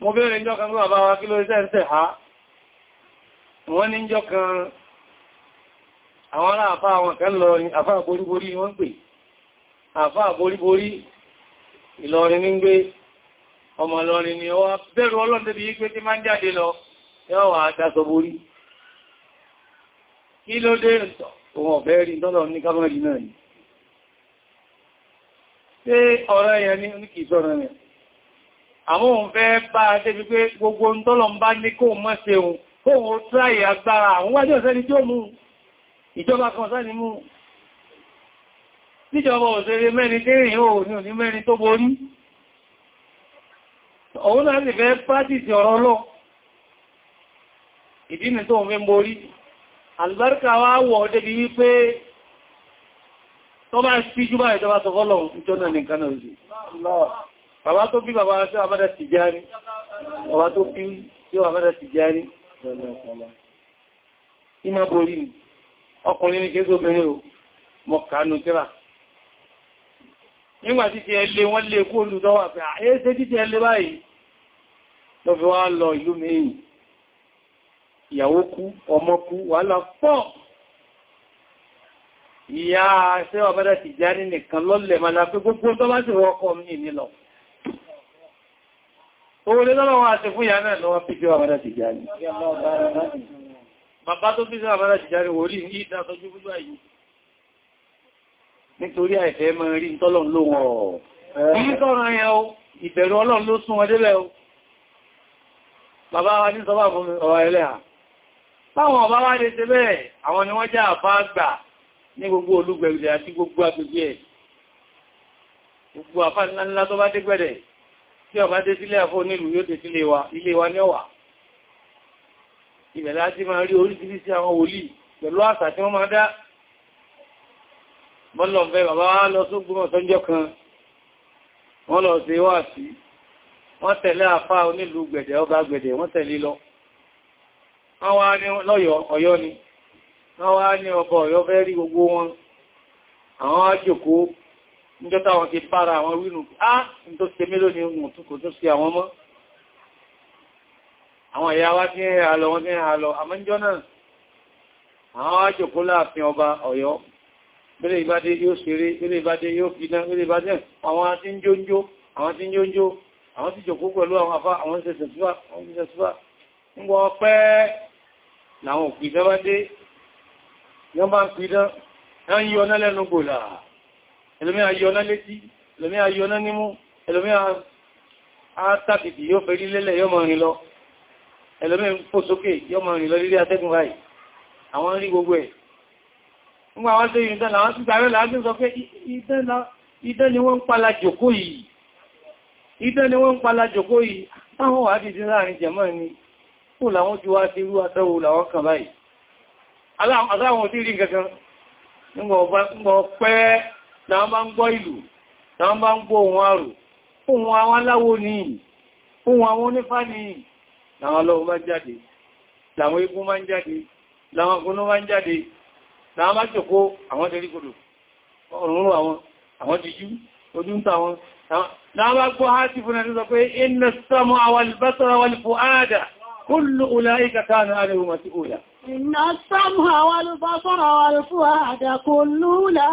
mo bèèrè ìjọ kan bàbá wa kí ló iṣẹ́ ń tẹ̀ ha wọ́n ní ìjọ kan àwọn ará àfá àwọn kan lọ àfá àboríborí wọ́n pè àfá àboríborí Ìlọrin ní gbé ọmọ Ìlọrin ni ọwá bẹ̀rù ọlọ́dẹ̀ bí pé tí máa ń jáde lọ yọ́wà àtàsọ borí kí ló dé òun ọ̀fẹ́ rí tọ́lọ ní àmọ́ òun fẹ́ bá a débi pé gbogbo ń tọ́lọ̀ ń bá ní kó mọ́ ṣe òun kó òun tráyè agbára àwọn wájú ọ̀sẹ́ni tí ó mú ìjọba kan sáà ni mú níjọba òṣèré mẹ́rin tẹ́rìn ò ní òní mẹ́rin tó borí òun náà lè fẹ́ pàtìsì ọ̀rọ̀ lọ ìdínà tó ń fẹ́ borí albarka wá wọ̀ débi wípé tó bá ṣíjú bá ìjọba sọ̀kọ́lọ̀ ìjọ́nà nìkan náà bàbá tó bí bàbá sí àbádà Tìjání bàbá tó bí sí àbádà Tìjání ìmá borí ni ọkùnrin ní kéèkó obìnrin o mọ̀kánú tíra nígbà títí ẹlé wọ́n lè kó olùdọ́wà pé àyẹ́sẹ́ títí ẹlé báyìí lọ fi wá lọ ìlú mẹ́yìn ìyàwó kú ọmọ kú wàhálà pọ̀ ìyá ṣẹ́wà bádà Tìjání nìkan lọ́lẹ̀ mọ́lá pé gbogbo tó bá sì wọ́kọ́ mi nílọ̀ Oòrẹ́ lọ́wọ́ àti fún ìyá náà lọ́wọ́ pípẹ́ àmàrà ti járí. Bàbá tó pípẹ́ àmàrà ti járí wòlí ní ìdásojú gbogbo àyí. Nítorí àìfẹ́ mọ́ rí tọ́lọ̀n ló wọ́n ọ̀. Ní tọ́rọ yẹn o, ìbẹ̀rù Ọlọ́run ló sún wọn délẹ̀ o. Bàbá wa ní sọ́bà fún ọ̀rọ̀ ẹlẹ́à. Báwọn ọba wá lè ṣe ni wọ́n jẹ́ àfá àgbà ní gbogbo olúgbẹ̀rẹ̀ àti gbogbo agbègbè ẹ̀. Gbogbo àfá ńlá tó bá dé gbẹ̀rẹ̀ tí ọba dé sílé àfọ́ nílùú yóò dé sílé wa ilé wa ní ọwà ìbẹ̀lá tí máa rí oríṣiríṣi àwọn wòlíì pẹ̀lú àṣà tí wọ́n máa dá mọ́lọ̀fẹ́ bàbá lọ sógbùmọ̀ sọ́jọ́ kan wọ́n lọ sí wà sí wọ́n tẹ̀lé àfá onílùú gbẹ̀dẹ̀ ọba gbẹ̀dẹ̀ wọ́n tẹ̀lé lọ wọ́n wá ní lọ́yọ̀ ni wọ́n wá ní ọba níjọ́ta wọn ti bára àwọn wínú á ah, tó ṣe mélòó ní ohun tó kò tó sí àwọn mọ́ àwọn ìyá wá tí ń ha lọ wọ́n tí ń ha lọ àmọ́jọ́ náà àwọn àjòkó láàfin ọba ọ̀yọ́ bẹ́lẹ̀ ìbádé yóò ṣeré bẹ́lẹ̀ ìbádé yóò fìdá bẹ́lẹ̀ ìbádé àwọn tí ń jónjó àwọn tí ń jónjó àwọn tí jòkó pẹ̀lú àwọn afá àwọn sẹ̀sẹ̀síwá ń gbọ́ pẹ́ làwọn òpìdán bá dé yọ́n bá ń pìdán yọ́n yí ọ ẹlòmí ayọ́ná létí ẹlòmí ayọ́ná nímú ẹlòmí àtàkìtì yóò fẹ́ rí lélẹ̀ yóò mọ̀rin lọ ẹlòmí fò sókè yóò mọ̀rin lọ rírí atẹ́gùn báyìí àwọn rí gbogbo ẹ̀ nígbà wọ́n tó ìrìndán làwọn sí gbàrẹ́ làájú sọ pé idán ni wọ́n ń pala jòkó yìí idán ni wọ́n ń ni kò làwọn ju wá sí irú atẹ́wò làwọn kàn báyìí aláwọn tí rí nǹkan kan nígbà ọpẹ́ tàwọn bá ń gbọ́ ìlú tàwọn bá ń gbọ́ ohun àrò ohun àwọn aláwo ní ohun àwọn onífà ní làwọn ọlọ́wọ́ bá jáde làwọn igun bá ń jáde làwọn ọgbọ́nú bá ń jáde làwọn bá jòkó àwọn tẹ́rí kodò ọ̀rùn àwọn àwọn ti ojú ń tàwọn inna as-sam'a wal-basara wal-fu'ada kullu ula'ika kana anhu Iná sáàmù àwọn alúbásọ́rọ̀ alúfú àdàkù lúlá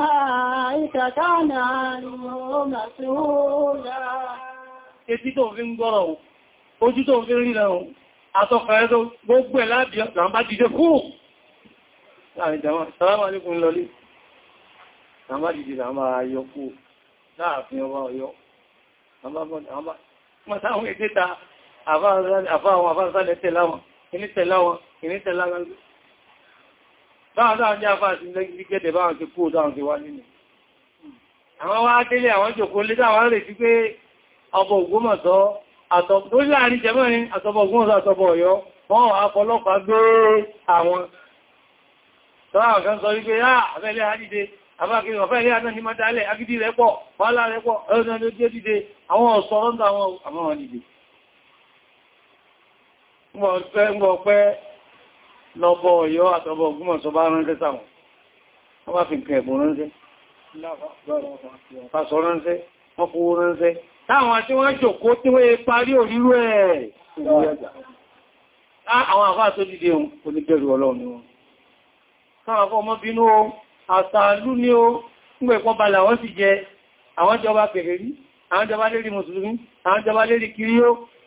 ìkàkà náà ni ó màtúúlá. Etí tó fi ń gbọ́rọ̀ ohun, ojú tó fi rí lẹ́rọ ohun, àtọ́kọ̀ ẹ́dọ́ gbogbo ẹ̀ láti ọ̀nà bá dìde fún. Láàrin jàmá, sàrámà ní kún lọlé. Àmá dìde àmá ayọ kú láàfin ọba ọyọ́. Àmá bọ́n, àmá, Dáadáa ní àfáà sí lẹ́gbẹ̀ẹ́ gẹ́gẹ́ báwọn ti kó dáwọn ti wá nínú. Àwọn wá délé àwọn jòkó lé dáwọn rẹ̀ sí pé ọbọ̀ Ògbómọ̀ṣọ́ àtọ̀bọ̀ láàrin jẹmọ́ ní àtọ̀bọ̀ Ògbómọ̀ṣọ́ Ọ̀yọ́ lọ́bọ̀ ọ̀yọ́ àtọ́bọ̀ ògbúmọ̀ṣọ́ bá ránṣẹ́ sáwọn wọ́n bá fi nǹkan ẹ̀bùn ránṣẹ́ pàṣọ ránṣẹ́ wọ́n fowó ránṣẹ́ táwọn tí wọ́n jòkó tí wọ́n parí òrírú ẹ̀ àwọn àfáà tó dìde ohun ní o nígbẹ̀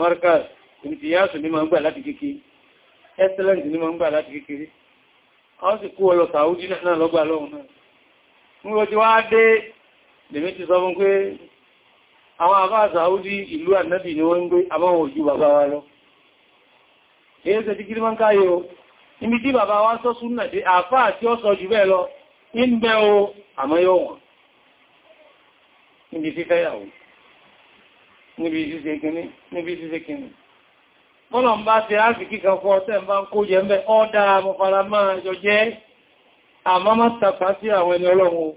markaz ìmìtìyàsù ní máa ń gbà láti kékeré excellence ní máa ń gbà láti kékeré a ó sì kú ọlọ sàúdí náà lọ́gbà lọ́wọ́ náà mú o ti wá dé lèmi ti sọ fún pé àwọn àbá sàúdí ìlú ànábì ni wọ́n ń gbé àbáwọn òjú bàbá wa lọ èyí ṣe ti gírímọ́ káyé o níbi níbi ìṣíṣe kìíní níbi ìṣíṣe kìíní bọ́lọ̀ ń bá ti áàfì kíkà fún ọ̀tẹ́ ń bá ń kó jẹ mẹ́ ọ́dá mọ̀fàra máa jọ jẹ́ àmọ́ má tàpá sí àwọn ẹni ọlọ́run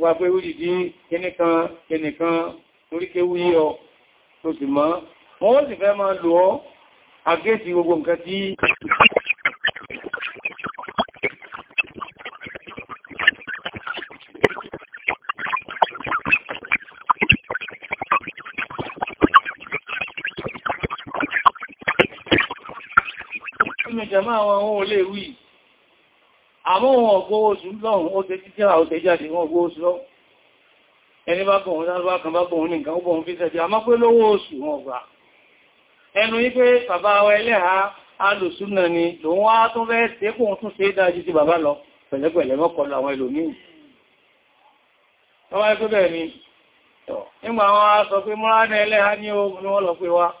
wà pé wúdìdí jẹmọ́ àwọn ohun olè wí àmọ́ wọn ọgbówó oṣù lọ́run ó tẹ́ títí àwọn tẹ́ jáde wọn ọgbówó oṣù lọ́run ẹni bá bọ̀ wọn lárúbá kan bá bọ̀ wọn ní nǹkan ó bọ̀ wọn fi sẹ́bí àmọ́ pé lówó wa ni lòun wá tó fẹ́ tẹ́kùn tún ṣe ni nígbà wọn sọ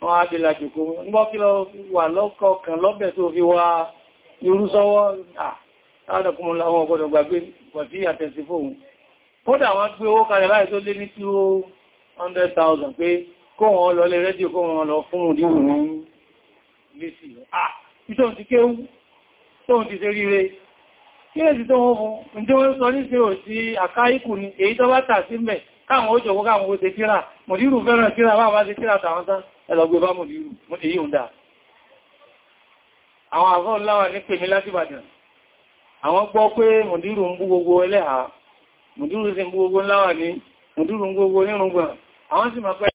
wọ́n á dìlà jùkú mọ́ kí lọ wà lọ́kọ̀ kan lọ́bẹ̀ tó fi wá irú sọ́wọ́ àádọ́kùnmọ́ láwọn ọgbọ́dọ̀ gbàgbé pọ̀ sí àtẹ̀sí fóòun kódà wọ́n gbé owó kalẹ̀ láì tó lé ní 200,000 pé kó wọn lọ lé rédíò kó wọn lọ fún un díwù sí ah ìtọ́ ti kéwú tóhun ti ṣe ríre kí èsì tó wọ́n fún ǹdí wọ́n sọ ní ṣe ò sí àkáíkù ni èyí tó bá tà sí mẹ́ káwọn ó jọ̀wọ́ káwọn ẹlọgbé bá mọ̀ lérù èyí ò dáa àwọn àfọ́ láwà ní pèmí láti Ìbàdàn àwọn gbọ́ pé mùdírù ń bú gbogbo ẹlẹ́ha mùdírù sí gbogbo láwà ní mùdírù ń gbogbo nírùngbà àwọn sì máa pé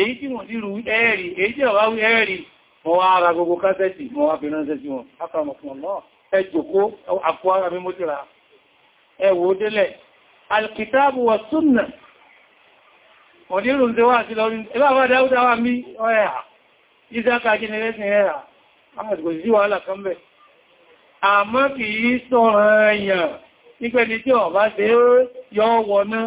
èyí tí wọ́n sí rú ẹ́ẹ̀rì èyí tí ọ̀wá wí ẹ́ẹ̀rì wọ́n wá ara gbogbo kásẹ̀tì wọ́n wá fi ránṣẹ́ sí wọn ẹ jókòó àpò ara mi mo ti ra ẹ wò délẹ̀ alkitabu wa sunna onírùn tí wá sí lọ́rin ẹbá bá dáúdá wà mí ọ̀yà ìzáka jẹ́nẹrẹ́sìn ẹ̀yà àmàtìkò sí wàhálà kan bẹ̀. àmọ́ kì í sọ̀rọ̀ ẹ̀yàn nígbẹ́ni tí ọ̀ bá ṣe yọ́ wọ̀ná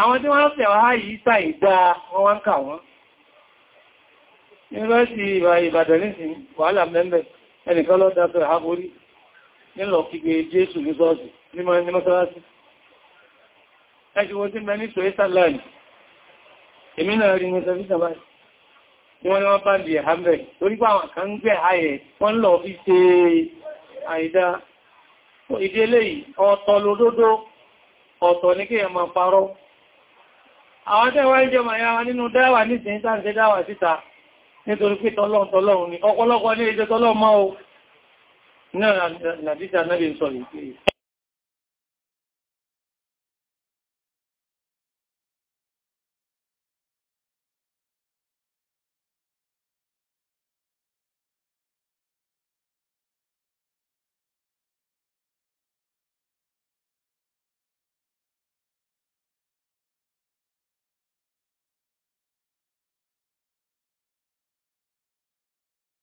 àwọn tí wọ́n fẹ̀ wá yìí sàì dáa wọ́n wá ń kà wọ́n yúnivẹ́sì Ìbàdàn nísìn wàhálà mẹ́mẹ́ ẹnìkan lọ́dá tó àbórí nílọ kígbe Jésù ní sọ́ọ̀sì ní mọ́sálásí ẹjùwọ́n tí mẹ́ ní sọ́ẹ́sà láàrín èmi náà rí ní sọ́fíṣà báyìí wọ́n ni wọ́n bá ń di ẹ̀hámẹ́ torí pé àwọn kan ń gbẹ̀ ayẹ̀ wọ́n lọ fi ṣe àìdá ọ̀tọ̀ lódódó ọ̀tọ̀ ní kí ẹ máa parọ́ àwọn tẹ́wàá ìjọmọ̀ ya wa nínú dáwà ní ṣe ń tàà ṣe dáwà síta nítorí pé tọ́lọ́run tọ́lọ́run ni ọ̀pọ̀lọpọ̀ ní ẹjọ́ tọ́lọ́run mọ́ o náà nàbíta náà lè sọ ìpé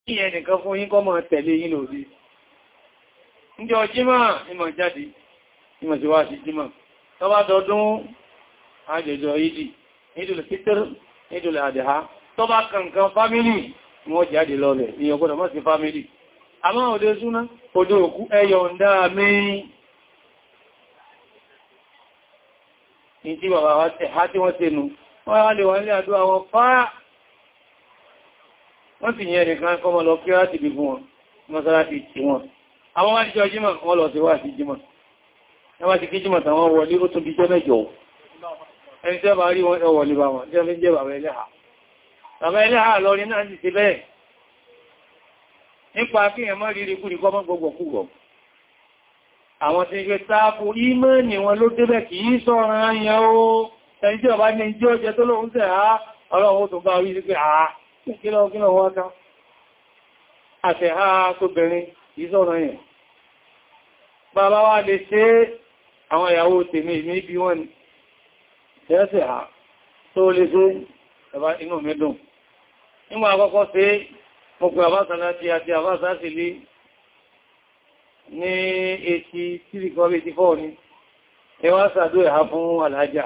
kí ẹnìkan fún yín kọ́ mọ̀ tẹ̀lé yín lòdí. Ǹjọ́ jímọ̀ ìmọ̀ jáde, ìmọ̀ sí wá sí jímọ̀. Tó bá dọdún àjẹjọ ìdì, ìdùl fitr, ìdùl àdìhá. Tó bá kankan fámílì, wọ́n jáde lọlẹ̀, ìyàn gbọ́dọ̀ mọ́ sí fámílì. Àmọ́ òde súná, òde òkú ẹyọ ń dá mi. Ìjí bàbá wa tẹ̀ há tí wọ́n tẹnu, wọ́n wá wọ́n sì yẹn nìkan kọ́ mọ́ lọ kí láti bí fún wọn mọ́sálásí tí wọn àwọn wájú ọjímọ̀ wọ́n lọ sí wá sí jímọ̀ ẹwà ti kí jímọ̀ tàwọn wọlé ó tún bí jẹ́ mẹ́jọ ẹni tí ó bá rí wọn ẹwọlé bá wọn jẹ́ fi jẹ́ bàbá ẹlẹ́hà bàbá ẹlẹ́hà lọrin náà sì ti bẹ́ẹ̀ nípa kí ẹ mọ́ rírí kúrì kọ́ mọ́ gbogbo kúgbọ̀ àwọn tí ṣe táàkù ìmọ̀ ni wọn ló débẹ̀ kì í sọ́ran yẹn ẹni tí ọba ní jẹ́ ọjẹ́ tó lóun tẹ̀ á ọlọ́run ó bá rí sí pé àá kílọ̀ kílọ̀ wọ́n ká àtẹ̀há tóbìnrin ìsọ̀rọ̀ yẹn bàbá wá lè ṣe àwọn ìyàwó tèmi ìmí bí wọ́n ni ṣẹ́ẹ̀ṣẹ̀ ha tó lè ṣe ẹ̀bá inú mi dùn nígbà àkọ́kọ́ sí mọ̀kùn àbásàlá ti àti àbásà sí lé ní 83-84 ni ẹwà sàdó ẹ̀há fún alájà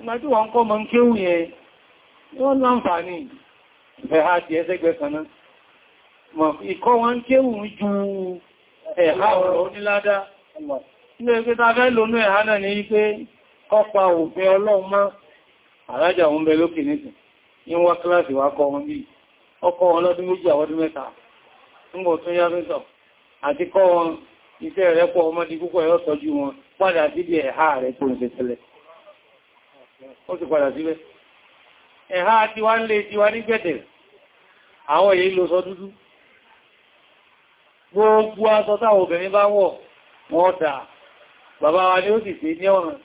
ìgbàjú wọn kọ́ mọ́ kí ó yẹ yóò láǹfààní ẹ̀há ti ẹsẹ́gbẹ́ kaná ìkọ́ wọn kí ó ju ẹ̀há ọ̀rọ̀ oníládá ní ẹgbẹ́ ta fẹ́ lónú ẹ̀há náà ní wípé kọ́pa òfin ọlọ́run àrájà àti kọ́ wọn iṣẹ́ rẹ̀ pọ̀ ọmọdé púpọ̀ ó sì padà síbẹ̀ ẹ̀há tí wá ń lè tí wá ní gbẹ̀tẹ̀ àwọn èyí ló sọ dúdú gbogbo aṣọ táwọn obìnrin bá wọ̀ wọ́n tà bàbá wa ni ó sì sí ní ọ̀ràn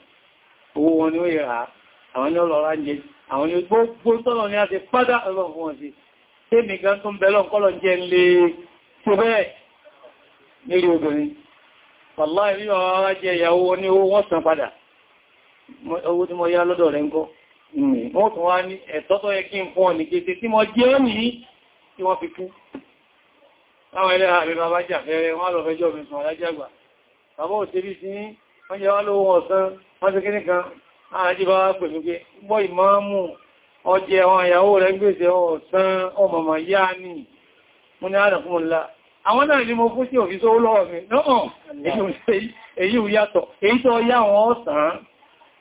owó wọn ni ó yẹ rà àwọn ni ó lọ́ra ń jẹ àwọn ni gbogbo tọ́lọ̀ ni a ti pádà ọlọ́run fún wọn sí owó tí mo yá lọ́dọ̀ rẹ̀ ń kọ́ hmm. wọ́n tún wá ní ẹ̀tọ́ tó yẹ kí n fún ọ ní kéte tí mo jẹ́ ní tí wọ́n fi kú láwọn ilẹ̀ ààrẹ bàbá jà fẹ́rẹ wọ́n lọ fẹjọ́ mi sùn alájàgbà bàbá ò ṣe bí sí wọ́n jẹ́ wá lówó ọ̀sán wọ́n ti kíní kan ààrẹ́jì bá wá pẹ̀lú pé gbọ́ ìmáàmù ọjẹ́ àwọn ìyàwó rẹ̀ gbèsè ọ̀sán ọmọmọ yá ní mú ní ààrẹ fún ńlá àwọn náà ni mo fún sí òfin sówó lọ́wọ́ mi náà èyí yàtọ̀ èyí tó yá àwọn ọ̀sán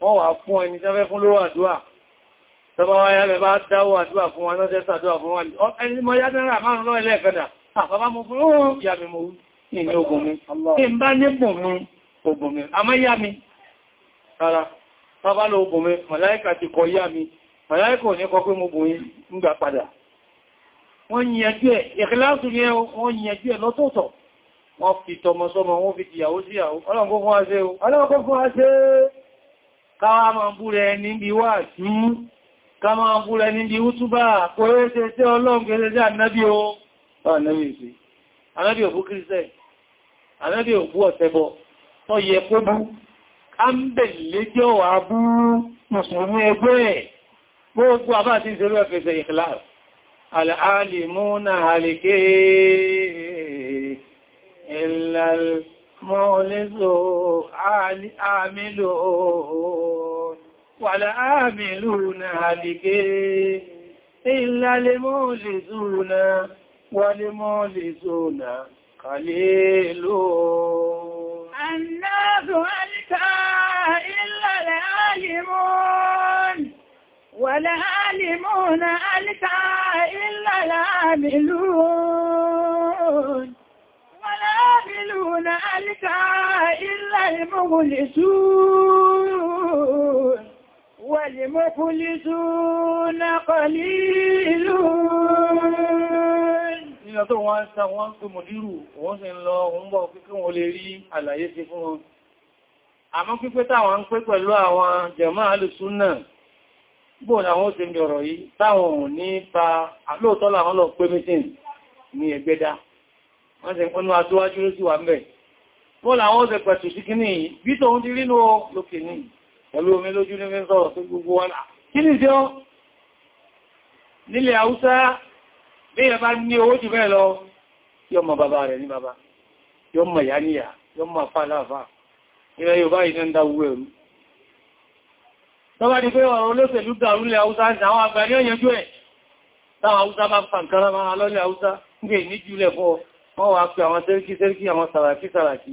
wọ́n wà fún ẹni tẹ́fẹ́ fún lówó àdúwà tọba wáyá rẹ̀ bá dáwó àdúwà fún wọn náà tẹ́sà àdúwà fún wọn ẹni mọ́ yá dẹ́rà márùn lọ́rẹ̀ lẹ́ẹ̀kẹ́dà àbábá mo fún oòrùn ìyá mi mo wú ní ogun mi ń bá nípò mú ogun mi àmọ́ yá mi rárá tọba lọ ogun mi màláíkà ti kọ yá mi màláíkà ò ní kọ pé mo bùn ń gbà padà wọ́n yẹjú ẹ̀ ìkìláàsù ní wọ́n káwàá máa búrẹ níbi wà sí káwàá máa búrẹ níbi útúbà kò rẹ́ ṣe tí ọlọ́run gẹ́lẹ́ sí ànábí o ànábí ìsì ànábí òfú kírísẹ̀ ànábí òfú ọ̀tẹ́bọ̀ tó yẹ kó bú ámbẹ̀lẹ́ gbogbo àbá àti ìṣẹ́lú ẹ̀fẹ́sẹ̀ ìkìláàsì al-alimuna halike illal mọ́lẹ́sọ àmìlò wàlá àmìlò na àlìké ìlàlẹ́ mọ́lẹ́sọ na wàlẹ́ mọ́lẹ́sọ na kàlẹ́lò Annáàdù àlìká ìlàlẹ́ àlìmọ́n, wàlá àlìmọ́n àlìká ìlàlẹ́ àmìlò يعملون ألك إلا المخلصون والمخلصون قليلون Ìyà tó wọ́n sá wọ́n tó mọ̀dírù, wọ́n sì ń lọ òun Àmọ́ pípẹ́ táwọn ń pẹ́ pẹ̀lú àwọn jẹ̀mọ́ alùsúnnà, bóò ni àwọn ó ṣe yìí, táwọn ò ní pa àlóòtọ́ làwọn lọ pé mítìn ní ẹgbẹ́dá wọ́n ṣe pọ́nú aṣíwájú ló sì wà mẹ́ bọ́ọ̀lù àwọn ọ̀sẹ̀ pẹ̀tù sí kíní yìí bí tòun ti rínú lókè ní pẹ̀lú omi lójú ní fi ń sọ̀rọ̀ sí gbogbo wọn kíní tí ó nílẹ̀ haúsá bí ẹ bá ní owó jù bẹ́ẹ̀ lọ yóò mọ bàbá rẹ̀ ní bàbá yóò tọ́bá di pé ọ̀rọ̀ olóṣèlú dàrú ilẹ̀ haúsá ń àwọn àgbà ní ọ̀yẹ́jú ẹ̀ táwọn haúsá bá fà nǹkan lọ́lẹ̀ haúsá ń gbé ní jùlẹ̀ fọ́ wọ́n wá pé àwọn sẹ́ríkì sẹ́ríkì àwọn sàràkí sàràkí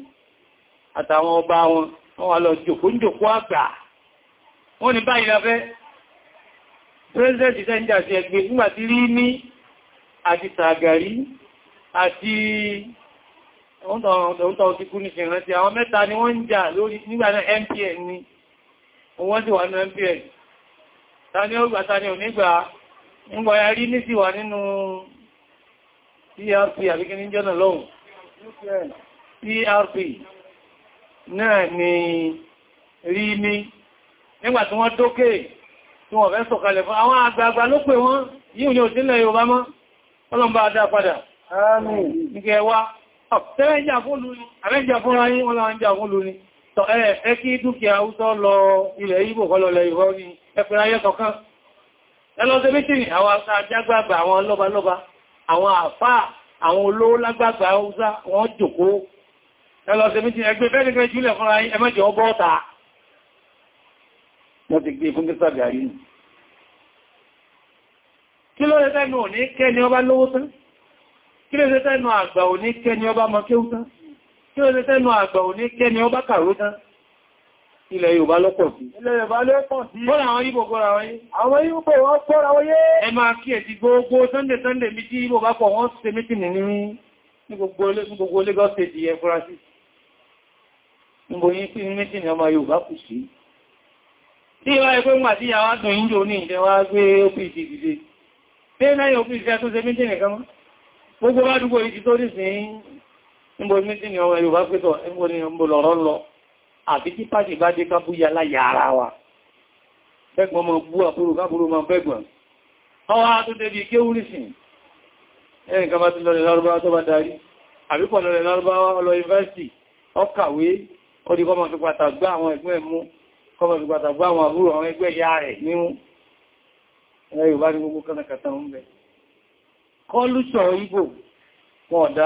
àtàwọn ọba wọn wọ́n wá lọ jòkó ń jòkó àgbà wọ́n ní báyìí láfẹ́ president sẹ́ńjà sí ẹgbẹ́ nígbàtí rí ní àti sàgàrí àti ọ̀tọ̀ ti kú ní ṣìrántí àwọn mẹ́ta ni wọ́n ń jà lórí nígbà náà MPN ni wọ́n sì wà ní MPN ta ni ó gbà ta ni ò nígbà ń gbọ́ ya rí ní CRP àbíkí ní jọ́nà lọ́hùn CRP náà ni rí ní nígbàtí wọ́n dókè tí wọ́n fẹ́ sọ̀kalẹ̀ fún àwọn àgbààgbà ló pè wọ́n yíò ní òsínlẹ̀ Yorùbá mọ́ ọlọ́mbà adá padà nígbẹ̀ wá tẹ́lẹ̀jà fúnra yí wọ́n láwọn jà fún lórí tọ̀ ẹ kí dúkìá útọ́ lọ ilẹ̀ Ìgbò kọ́ lọlẹ̀ ìhọ́ ní ẹpẹ̀rẹ̀ ayẹ́ kọ̀kan ẹlọ́sẹ̀ méjì àwọn àjágbàgbà àwọn lọ́balọ́ba àwọn àfá àwọn olówó lágbàgbà ọ̀sá wọ́n jòkó ẹlọ́sẹ̀ méjì ẹgbẹ́ bẹ́ẹ̀ nígbẹ́ jùlẹ̀ fúnra ẹmẹ́jọ ọgbọ́ta wọ́n ti gbé fún kí sàgàrí nù kí ló rẹ̀ tẹ́nu òní kẹ́ni ọba lówó tán kí ló rẹ̀ tẹ́nu àgbà òní kẹ́ni ilẹ̀ Yorùbá lọ́pọ̀ sí. Ilẹ̀ Yorùbá lọ́pọ̀ sí. Bọ́lá àwọn Ìgbò kọ́ra wáyé. Àwọn Ìgbò wọ́n kọ́ra wáyé. Ẹ máa kí ẹ̀ ti gbogbo Sunday Sunday bí tí Ìgbò bá pọ̀ wọ́n ṣe mítì ní gbogbo Lagos State yẹ fúra sí. Níbo yí sí mítì ní ọmọ Yorùbá kù sí. Tí ìwá ẹgbẹ́ mú àti ìyàwó àdùn ìjò ní ìjẹ wá gbé OPC dìde. Ṣé náà OPC tó ṣe mítì nìkan mọ́? Gbogbo wá dúgbò ìjì tó ni ọmọ lọ̀rọ̀ àti tí pàṣẹ bá dé kábúyà láyà ara wa bẹ́gbọ́n mọ bú àbúrò kábúrò mọ bẹ́gbọ́n ọwọ́ tó débi kí ó rísìn ẹni kan bá ti lọlẹ̀ lárúbáwá tó bá darí àbípọ̀ lọlẹ̀ lárúbáwá ọlọ yunifásitì ọkàwé ó di kọmọ̀ fi pàtà gbá àwọn ẹgbẹ́ mú kọmọ̀ fi pàtà gbá àwọn ya rẹ̀ nímú ẹ̀rẹ́ Yorùbá ní gbogbo kánakàtà ń bẹ kọlùsọ̀ Ìgbò wọn ọ̀dá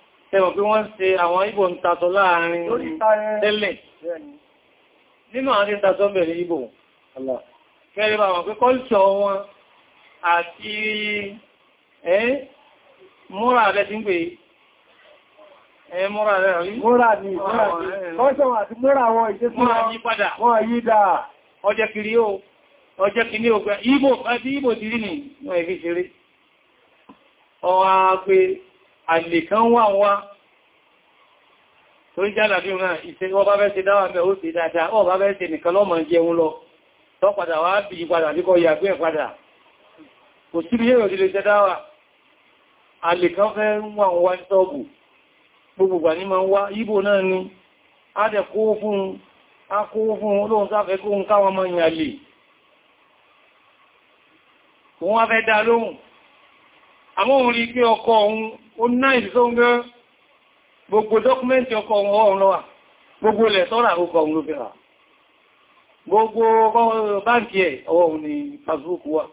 ẹwọ̀ pé wọ́n ṣe àwọn Ìgbò ń tasọ láàrin tẹ́lẹ̀ nínú àwọn ìtasọ bẹ̀rẹ̀ Ìgbò kẹrẹ bá wọn pé kọ́lùsọ̀ wọn àti ẹ́ múra rẹ̀ tí ń pè ẹ múra rẹ̀ rí múra ní kọ́lùsọ̀ àti múra wọn ìṣẹ́ ọjẹ́ kiri ó ọjẹ́ kiri ó gbẹ́ Ìgbò àti Ìgbò ti rí ní wọ́n ìfi ṣeré ọwá pé àlè kan wà wá torí jálà bí náà ìṣẹ́ wọ́n bá fẹ́ ṣe dáwà mẹ́ ó ṣe dáadáa wọ́n bá fẹ́ ṣe nìkan lọ́mọ jẹun lọ tọ́ padà wá bí i padà bí kọ́ yàgbé ẹ̀ padà kò sí bí yẹ́rọ̀ lílé ṣe àlè kan fẹ́ wà wá ní máa àmọ́ òun rí pé ọkọ òun ó náà ìsọ́ ń gán gbogbo dọ́kúmẹ́ntì ọkọ òun ọ̀run lọ́wà gbogbo ilẹ̀ tọ́rà ọkọ òun ló fẹ́ra gbogbo báńkì ẹ̀ ọwọ́ òun ni facebook wà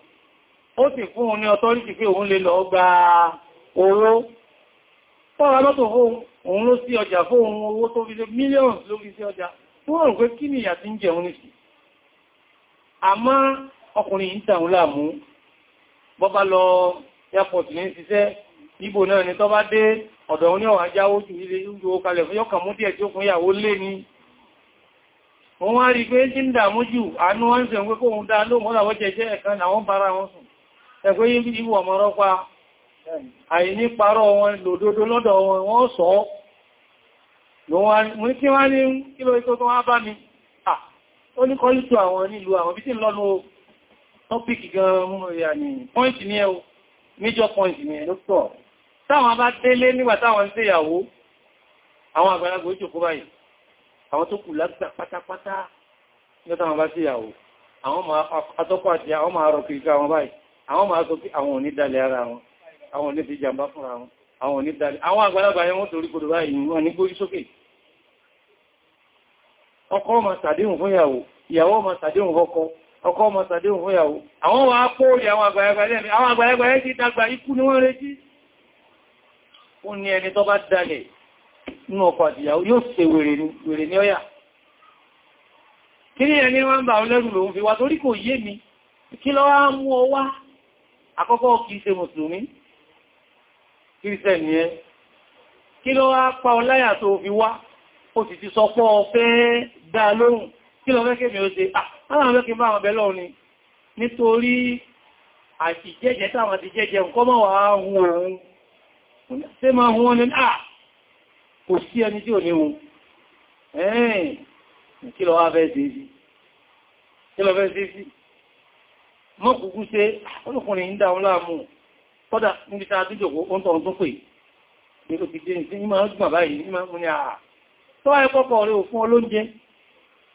ó sì fún òun ní ọtọ́rìtì pé òun lè lọ gba owó tọ́ra lọ́tọ̀ fóun òun ló sí ọjà fóun owó tó fi lé mílíọ̀nù ló sí ọjà tó wọ́n pé kí ni ìyà ti ń jẹun nìsí àmọ́ ọkùnrin yìí tàun láàmú bọ́bá lọ airport ní ṣiṣẹ́ ibò náà ni tó bá dé ọ̀dọ̀ òní ọ̀wà jáwó jù ilé ìjò kalẹ̀ fún yọ́kàn mú díẹ̀ tí ó kún ìyàwó lé ní wọ́n wá rí pé tí ń dàmú jù àánú wọ́n sẹ̀ ń pé kóhun dá lóòmọ́ làwọ́ jẹjẹ́ ẹ̀kan àwọn bára wọn sùn ẹgbẹ́ yìí ìwò ọmọrọ́ pa àìní parọ́ wọn lòdodo major point ni ẹ̀lú sọ táwọn bá délé nígbà táwọn ń ṣèyàwó àwọn àgbàlagbà ìjòkó báyìí àwọn tó kù lágbà pátápátá nígbà táwọn bá ṣèyàwó àwọn atọ́kọ̀ àti àwọn máa rọ̀ kìí káwọn báyìí àwọn máa sọ pé àwọn òní dalẹ̀ ara wọn àwọn òní fi jàmbá fúnra wọn àwọn ọkọ ọmọ tàdé òun fóyàwó àwọn wà á pòórì àwọn àgbàyàgbà àwọn àgbàyàgbà ti dàgbà ikú ni wọ́n retí ó ní ẹni tó bá dalẹ̀ nínú ọkọ àtìyàwó yóò ṣe wèrè ní ọyà kí ni ẹni wọ́n bà lẹ́rù lòun fi wá torí kò yé mi kí ló wá mú ọ wá àkọ́kọ́ kí lọ fẹ́kẹ́ mi ó ṣe àwọn ah, fẹ́kẹ́ bá àwọn bẹ́lọ́ ni nítorí àti jẹ́jẹ́ táwọn ti jẹ́jẹ́ nǹkan mọ́ wà áhùn òun ṣe máa hun ní à ah, kò sí ẹni tí ò ní hun ẹ̀ẹ́n kí lọ wá fẹ́ ṣe sí kí lọ fẹ́ ṣe sí mọ́ kúkú ṣe ah, olùkùnrin ń dáun láàmú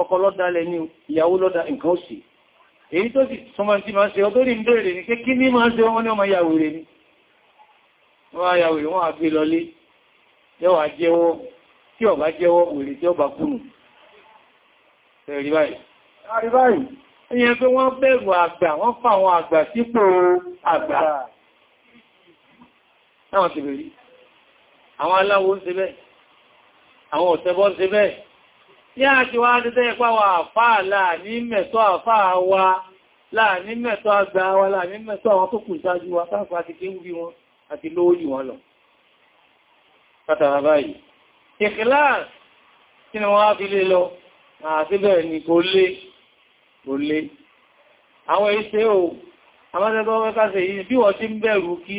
ọkọ lọ́dálẹ̀ ní ìyàwó lọ́dá nǹkan òsì èyí tó sì sọmọ tí máa ṣe ọdórí ń bèèrè ní kí ní máa ṣe wọ́n ní ọmọ yàwèrè ní wọ́n yàwèrè wọ́n àgbé lọlé yọ́wà jẹ́wọ́ tí ọba jẹ́wọ́ wèrè tí ọba kúnnù ẹ̀rí báyìí ìyẹn pé wọ́n bẹ̀rù àgbà wọ́n àwọn aláwo ń ṣe bẹ́ẹ̀ àwọn ọ̀tẹ́bọ́ ń ṣe bẹ́ẹ̀ ní àṣíwá dídẹ́ ipá wa àfáà láàní mẹ́tọ́ àfáà wa láàní mẹ́tọ́ àgbà wa láàní mẹ́tọ́ àwọn tó kù ìṣájú wa sáàfà ti kí ń bí wọn àti lóòlì wọn lọ kátàrà báyìí ìkìláàsì kí ni wọ́n á fi lé lọ àti bẹ́ẹ̀ ni kò lé kò lé àwọn iṣẹ́ o amátẹ́gbọ́ wẹ́kásẹ̀ yìí bí wọ́n ti ń bẹ̀rù kí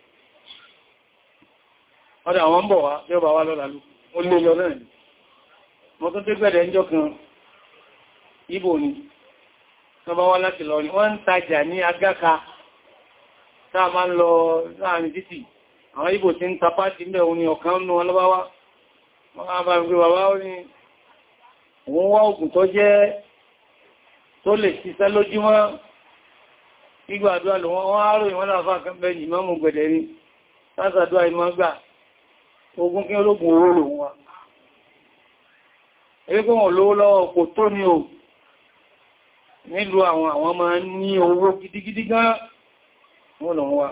ọdá àwọn bọ̀ wá tí ó bá wá lọ́la lú ó lé lọ náà ni mo tó tó gbẹ̀rẹ̀ ẹjọ́ kan ibò ni tó bá wá láti lọ ni wọ́n ń tajà ní agáka táà máa ń lọ láàrin títì àwọn ibò ti ń tapá ti mẹ́ òun ni ọ̀kan nú ọlọ́báwá wọ́n bá ń gbé bàbá ó ní òun wá ògùn tó jẹ́ tó lè ṣiṣẹ́ lójúmọ́ gbígbàdúrà lòun wọ́n á ròyìn wọ́n láfà kan bẹ́ẹ̀ yìí mọ́mù gbẹ̀dẹ̀ ni látàdúrà ìmọ́gbà ogun kí ológun owó lòun wa ẹgbẹ́ wọn lówó lọ́wọ́ kò tó ní o nílùú àwọn àwọn máa ní owó gidigidi gan wọ́n lòun wa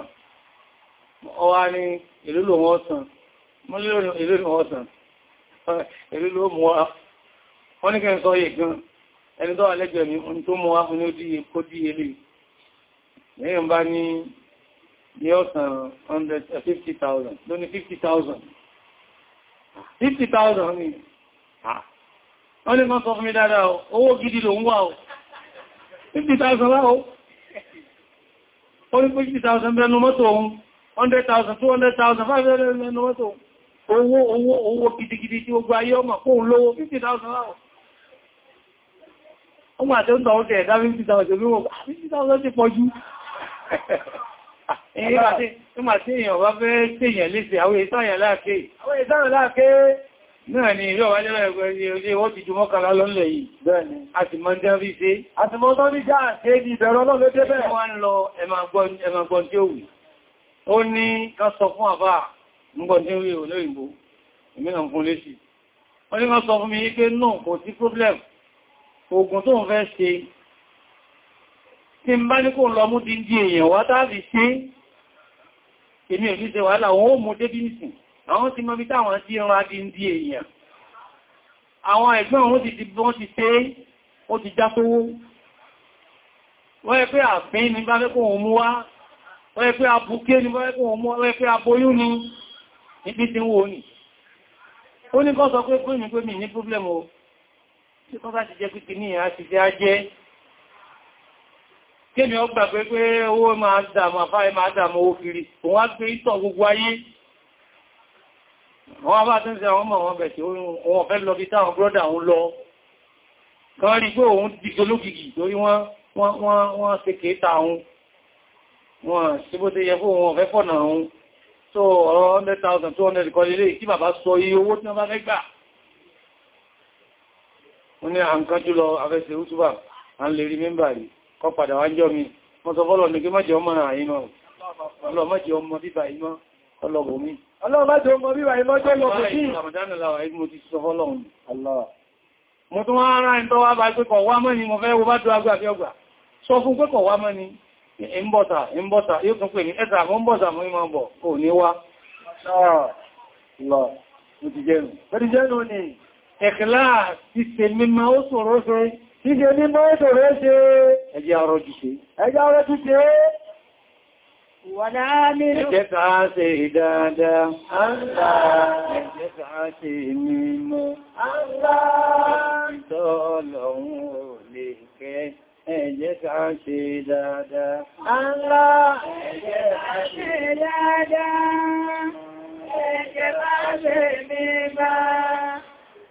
ọwá ní ìlú lòun ọ̀sán mọ́lẹ́lò ìlú lòun ọ̀sán ìlú ló mú wa wọ́n ní kẹ́ sọ yìí gan ẹni tó wà lẹ́gbẹ̀ẹ́ mi ohun tó mú wa fún ní ó díye kó díye lè ní ọ̀sán 150,000 lóní 50,000 50,000 ni wọ́n lè máa sọ fún mi dáadáa owó gidi ló ń wà ó 50,000 wá ó ó ní 50,000 bẹ́ẹ̀ numọ́tò ohun 100,000 200,000 500,000 bẹ́ẹ̀ numọ́tò owó owó owó gidigidi tí ó gba ayé ọmọ kóhun lówó 50,000 wá ó ọmọ àti ó ń tọ́ Nígbà ah, tí èèyàn bá fẹ́ tèèyàn léṣe àwọn ìsáyàn láàké. Àwọn ìsáyàn láàké náà ni ìlú ọ̀wájẹ́ ẹgbẹ́ ilé wọ́n ti ju mọ́kànlá lọ́nlẹ̀ yìí. Bẹ́ẹ̀ni. A ti mọ́ jẹ́ rí ṣe. A ti mọ́ tán rí já ṣe ní ìbẹ̀rọ lọ́lọ́dé bẹ́ẹ̀. Wọ́n lọ ẹmàgbọ́n tí ó wù. Ó ní ká sọ fún tí ń bá ní kò lọ mú díndí èèyàn wá tàbí ṣe èmi ò ní ṣe wàhálà wọn ó mú débí nìsìn àwọn ti mọ́ bí táwọn tí ń ra díndí èèyàn àwọn ẹ̀gbọ́n wọn ti dìbọn ti ṣe ó ti já tó wọ́n yẹ pé àfin ní bá fẹ́ kó wọn mú wá wọ́n yẹ pé abuké ní bá fẹ́ kó wọn mú wá wọ́n yẹ pé aboyún ní kémi ọgbà pé pé owó máa dàmù àfáà máa dàmù owó kiri òun á gbé ìtọ̀ gbogbo ayé wọ́n bá tún sí àwọn ọmọ wọn bẹ̀ẹ̀ tí wọ́n fẹ́ lọ bí táwọn brọ́dà ń lọ kan rí pé òun dìgbò lókìkì torí wọ́n ṣe kéta òun wọ́n sí bó ti yẹ fún òun ọ̀fẹ́ fọ̀nà òun so ọ̀rọ̀ 100,000 200 kọ lélé tí bàbá sọ iye owó tí wọ́n bá fẹ́ gbà wọ́n ní à ń kájú lọ afẹ́sẹ̀ útúbà à ń lè rí mẹ́mbà rí kọ́ padà wá jọ mi mo sọ fọ́lọ̀ ní kí mọ́jẹ ọmọ náà yìí náà ọlọ́ mọ́jẹ ọmọ bíbà yìí mọ́ ọlọ́bọ̀ mi ọlọ́ mọ́jẹ ọmọ bíbà yìí mọ́ jẹ́ lọ́pọ̀ sí Ramadan láwà yìí mo ti sọ fọ́lọ̀ mo tún wá rán ẹ̀ntọ́ wá bá pé kọ̀ ni mo fẹ́ wo bá tó ni ìmbọ̀ta ìmbọ̀ta yóò tún pè ní ẹ̀ta mọ́ ń bọ̀ta mọ́ ìmọ̀ bọ̀ kò ní wá Ṣíṣe ní mọ́sọ̀rọ̀ ṣe ẹjẹ́ ọ̀rọ̀ jùṣe. Ẹjẹ́ ọ̀rọ̀ jùṣe ó. Wọ̀n náà ní ẹjẹ́ tàá ṣe ìdáadáa. Àńlá ẹjẹ́ tàá ṣe mímọ́. Àńlá ìtọ́lọ̀un ò ẹjẹ́ tàá ṣe dáadáa. ẹjẹ́ tàá ṣe dáadáa.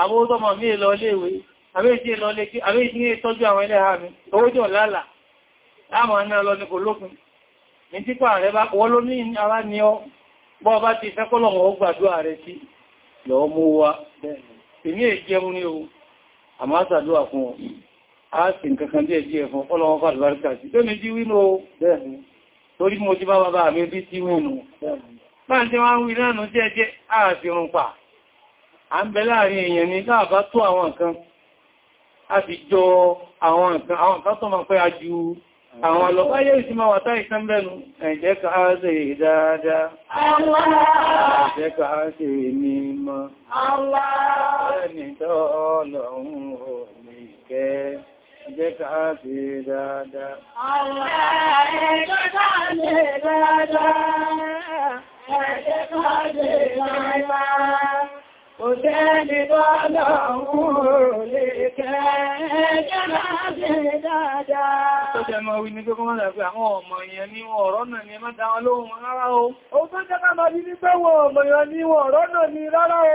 àwọn ọdọ́mọ̀ mí lọ léèwé àbẹ́jì lọ lé kí àbẹ́jì ní ìtọ́jú àwọn ẹlẹ́ha mi owó jọ lálà láàmọ̀ náà lọ ní kò lókun ní típa rẹ̀ bá wọ́n ló ní ara ní ọ bọ́ bá ti fẹ́kọ́lọ̀wọ̀ ó gbàdúrà rẹ̀ sí lọ mú wa èmi a sì nǹkankan díẹ̀ díẹ̀ fún ọlọ́wọ́ fàdùbáríkà sí tó ní jí wínú o torí mo ti bá bàbá mi bí sí wínú a ń bẹ láàrin èèyàn ní káàbá tó àwọn nǹkan a sì jọ àwọn nǹkan àwọn nǹkan tó máa pẹ́ ajú àwọn ọlọ́wáyé ìsinmi wà táì kan bẹ́nu ẹ̀jẹ́ka á á ṣe mímọ́ ẹ̀nìtọ́ ọlọ́run ò á ṣe dáadáa ẹ̀jẹ́ka Kò sẹ́ni bọ́lọ̀ òun lè kẹ́ jẹ́lá sí dáadáa. Tó jẹ mọ́ wí ní pé kọ́ máa dàgbé àwọn ọmọ ìyẹn ní ọ̀rọ̀ náà ni ẹmọ́ dáwọn lóhun rárá o. Ó tó jẹ́ máa bí ní pé ọmọ ìyẹn ní ọ̀rọ̀ náà ni rárá o.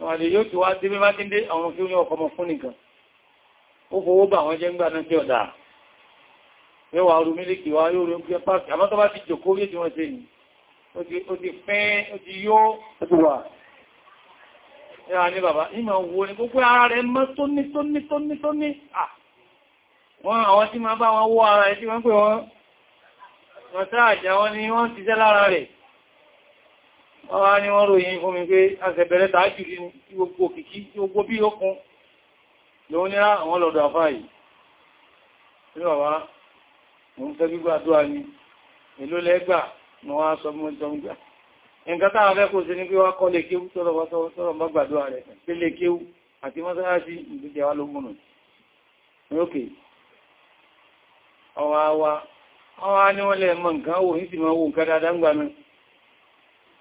wọ́n lè yóò ti wá dé bí bá díndé àwọn tí ó ní ọkọ̀ mọ̀ fún nìkan ó fowó bà wọ́n jẹ́ ń gbà náà tí ọ̀dà yóò wà orú mílìkì wá yóò rí oúnjẹ pàtàkì àmọ́ tó bá ti jòkó rí ni gbogbo ara rẹ̀ mọ́ tóní tóní tóní tóní wọ́n àwọn tí máa bá wọn wó ara ẹ̀ tí wọ́n pè wọ́n wọ́n sáà wọ́n wá ní wọ́n ròyìn fún mi pé àṣẹ̀bẹ̀rẹ̀ tààkìrí ní gbogbo kìkí tí ó gbóbí ókun ló ní àwọn lọ́dọ̀ àfáàyì ní bàbá mo ń fẹ́ gbígbà àdúrà ní èló lẹ́gbà ní wọ́n á sọ mọ́ ìjọmgbà nǹkan táwọn fẹ́ kò sí ní pé wá kọ́ lè kéwú tọ́rọ bá gbàdúrà rẹ̀ pé lè kéwú àti mọ́sálásí ni wọ́n lè mọ nǹkan wò ní sì mọ́ wò nǹkan dáadáa ń gbà náà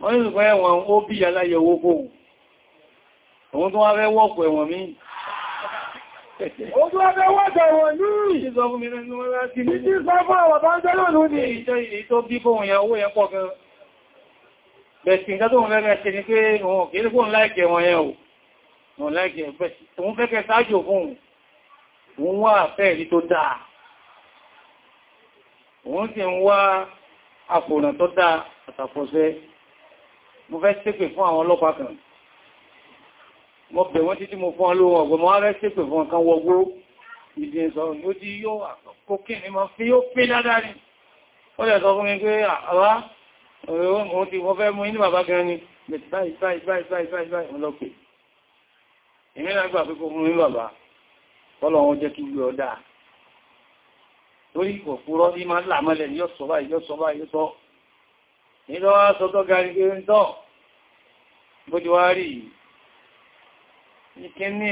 wọ́n ní ìgbẹ́ ẹ̀wọ̀n ó bí aláyẹ owó kóhùn òun tó wá fẹ́ wọ́pọ̀ ẹ̀wọ̀n mí Bẹ̀sìn tó ń lẹ́gbẹ̀ẹ́ ṣe ni pé òun kìí fún láìkẹ̀ wọn yẹn ò. Òun láìkẹ̀ bẹ̀sìn, òun fẹ́kẹ́ sáájò fún òun wá fẹ́ẹ̀rí tó dáa òun sì ń wá àpòràn tó dáa àtàkọ̀ṣẹ́ mo fẹ́ ṣépè fún àwọn ọlọ́pàá kan mo bẹ̀ wọ́n títí mo fún ọlọ́wọ́ ọ̀gbọ̀n mo fẹ́ ṣépè fún ọ̀kan wọgbó ìdí sọ ló tí yóò àkọ́kọ́ ni mo fi yóò pé dáadáa ó lẹ̀ nílọ wá sọ tó ga nígbé ń tọ́ bójúwárí ìkíní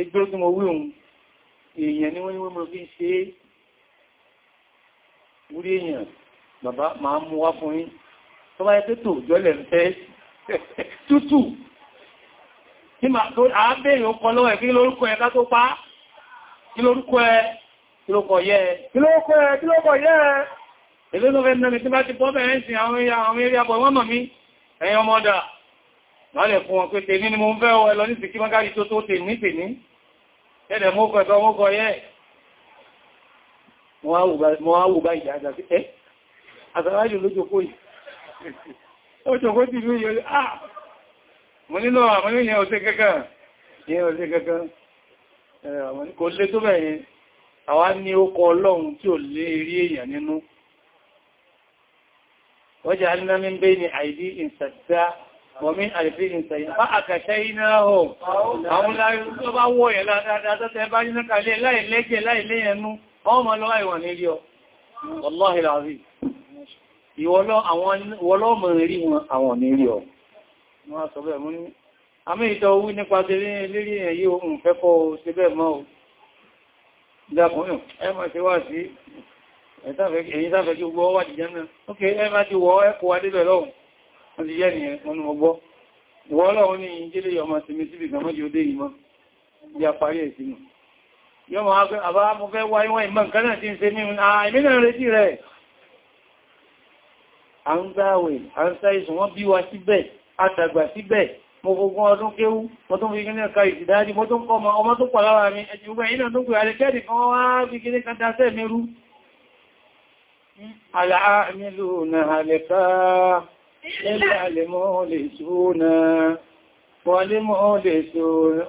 ẹgbẹ́ tí mo wí òun èèyàn ni wọ́n ni wọ́n mọ̀ fi ṣe é wúrí èèyàn bàbá máa mú wá fún yín tó bá yẹ pé tò jọ́lẹ̀ ń fẹ́ tútù tí ma tó àábẹ̀rẹ̀ ó lọ́wọ́ ẹ̀ kí lórúkọ ẹ̀ ká tó pa Èlé ló fẹ́ nẹ́mi tí bá ti bọ́bẹ̀ ẹ̀ sí àwọn èèyàn àwọn eré àbọ̀ wọ́n mọ̀ mí, ẹ̀yin ọmọ ọ̀dà. Lálẹ̀ fún wọn pé tèmi ni mo ń fẹ́ ọ ẹlọ ní ìsìnkí mọ́gárí tó tó tèmi tèmi. Ẹ̀dẹ̀ mọ́kọ̀ ẹ̀kọ́ mọ́kọ̀ yẹ́ mọ́ áwù bá ìjà àjà sí ẹ́. Àsàrájù ló jòkó yìí. Ó ah! Mo nílò àmọ́ ní ìyẹn ọ̀sẹ̀ kankan. Ìyẹn ọ̀sẹ̀ kankan. Kò lé tó bẹ̀yẹn. Àwa ní ó kọ ọlọ́run tí ò lé eré وجعلنا من بين أيديهم سدا ومن ألفهم سيئا فأكشيناهم àwọn láyé tó bá wọ́ yẹ̀ ládáadáa tó tẹ́ bá ní kàlẹ̀ láìlẹ́gẹ̀ láìlẹ́yẹnú ọmọ lọ́wọ́ ìwọ̀n nílé ọ wọ́láhì láàrí ìwọ́lọ́mọ̀ rí wọn àwọn nílé ọ wọ́n sọ bẹ́ẹ̀ mú ní àmì ìtọ́ owó nípa tẹ́lẹ̀ lérí ẹ̀yí ohun fẹ́kọ́ ṣe bẹ́ẹ̀ mọ́ èyí sáfẹ́ kí gbọ́ wà dìjẹ́ náà ok ẹ máa ti wọ́ ẹkù wà débẹ̀ ni ẹ̀kùn ní ọgbọ́ wọ́ lọ́wọ́ ní ìjílé ọmọ tìmí síbì kan mọ́jú dé ìmọ́ bí a parí ẹ̀sìnù yọ́ ma àbá mo fẹ́ wá ìwọ̀n ìmọ̀ nǹkan náà ti ń ṣe mímu àìmínà retí rẹ̀ à ń gbáwẹ̀ à ń sáìsùn wọ́n bí wa síbẹ̀ àtàgbà síbẹ̀ mo gbogbo ọdún kéwú mo tó ń fi kíní ọ̀ka ìsìdájí mo tó ń pọ̀ العاملون هلكا إلا المولسون والمولسون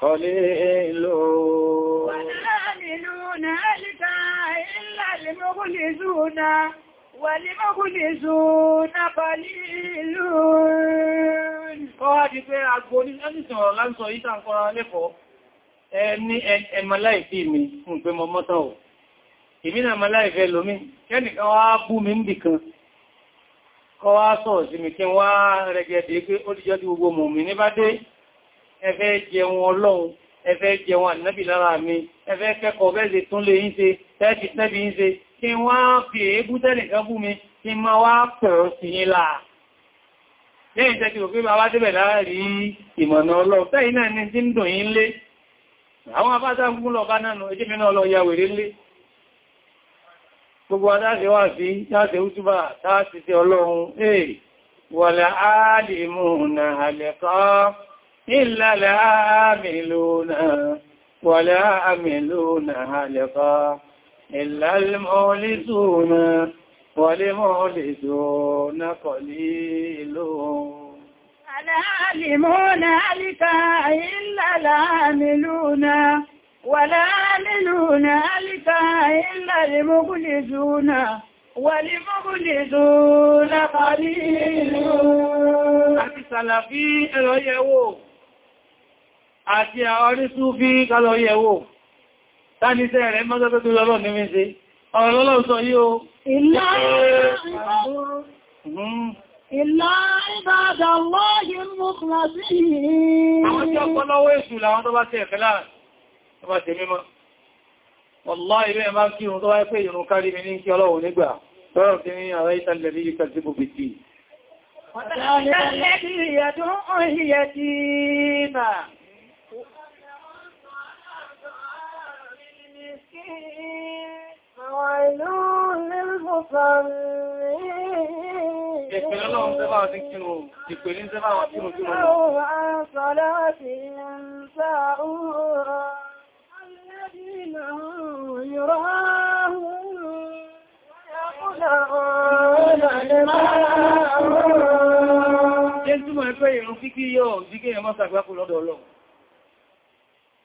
قليل والعاملون هلكا إلا المولسون والمولسون قليل Ọwá di pé àgbò ní ẹnìsàn ọ̀rọ̀ láńsọ ìtàǹkọ́ra lẹ́fọ́ ẹni ẹmọ̀láìsí mi fún pé mọ́mọ́tọ̀ ò èmi náà máa láìfẹ́ lómi kẹ́nìkan wá bú mi ń bì kan kọ́ wá sọ̀rọ̀ sí mi kí wá rẹ̀gẹ̀dẹ̀ pé ó dìjọ́ tí gbogbo mọ̀ mi ní bá dé ẹfẹ́ jẹun ọlọ́run ẹfẹ́ jẹun ànábì lára mi ẹfẹ́ kẹ́kọ̀ọ́ bẹ́ẹ̀ tún lè ń ṣe tẹ́ẹ̀kì tẹ́bì ń ṣe kí wá fi èébú ni tí ń dùn yín lé àwọn abájá ń ya wèrè gbogbo adáṣe wà sí láti útúbà láti ti ọlọ́run èè wọ̀lá áàlìmù na àlẹ́kọ́ ìlàlẹ́ àmìlò na wọ̀lá àmìlò na àlẹ́kọ́ ìlàlẹ́mọ́lẹ́sù na wọ̀lẹ́mọ́lẹ́sù na kọ̀lí ìlò Àlẹ́ wàlá nínúna alìta ilẹ̀ lèmọ́gúnlé zúúnà wàlèmọ́gúnlé zúúnà parí ìlú àti sàlàfí ẹ̀rọ yẹ̀wò àti àọrísú fi kálọ yẹ̀wò tánisẹ́ rẹ̀ mọ́sọ́tọ́tọ́ lọ́lọ́ ní méje ọ̀rọ̀ lọ́lọ́ sọ yíó Ìlà ìbádà lọ́yìn mú kìlá sí ìrìn. Àwọn tí ọpọlọ́wọ́ èṣù làwọn tó bá tẹ̀ fẹ́ láàrín ọba ṣe mímọ́. Wọ́lá ilé ẹ̀má kí irun tó wáyé pé irun kárí mi ní kí ọlọ́run nígbà tọ́rọ̀ tí ní àwẹ́ ìtàlẹ̀ ní ìkà tí kò bí tí. Ìpẹ̀lẹ́ ọlọ́run tẹ́bà ti kírò, ìpẹ̀lẹ́ tẹ́bà wọn kírò kírò. Àwọn àṣọ́lá ti ń sáà الذين يراهون ويقولون لما Jẹ́ túnmọ̀ ẹgbẹ́ ìrun kíkí yóò sí kí ẹmọ́ sàgbákò lọ́dọ̀ ọlọ́run.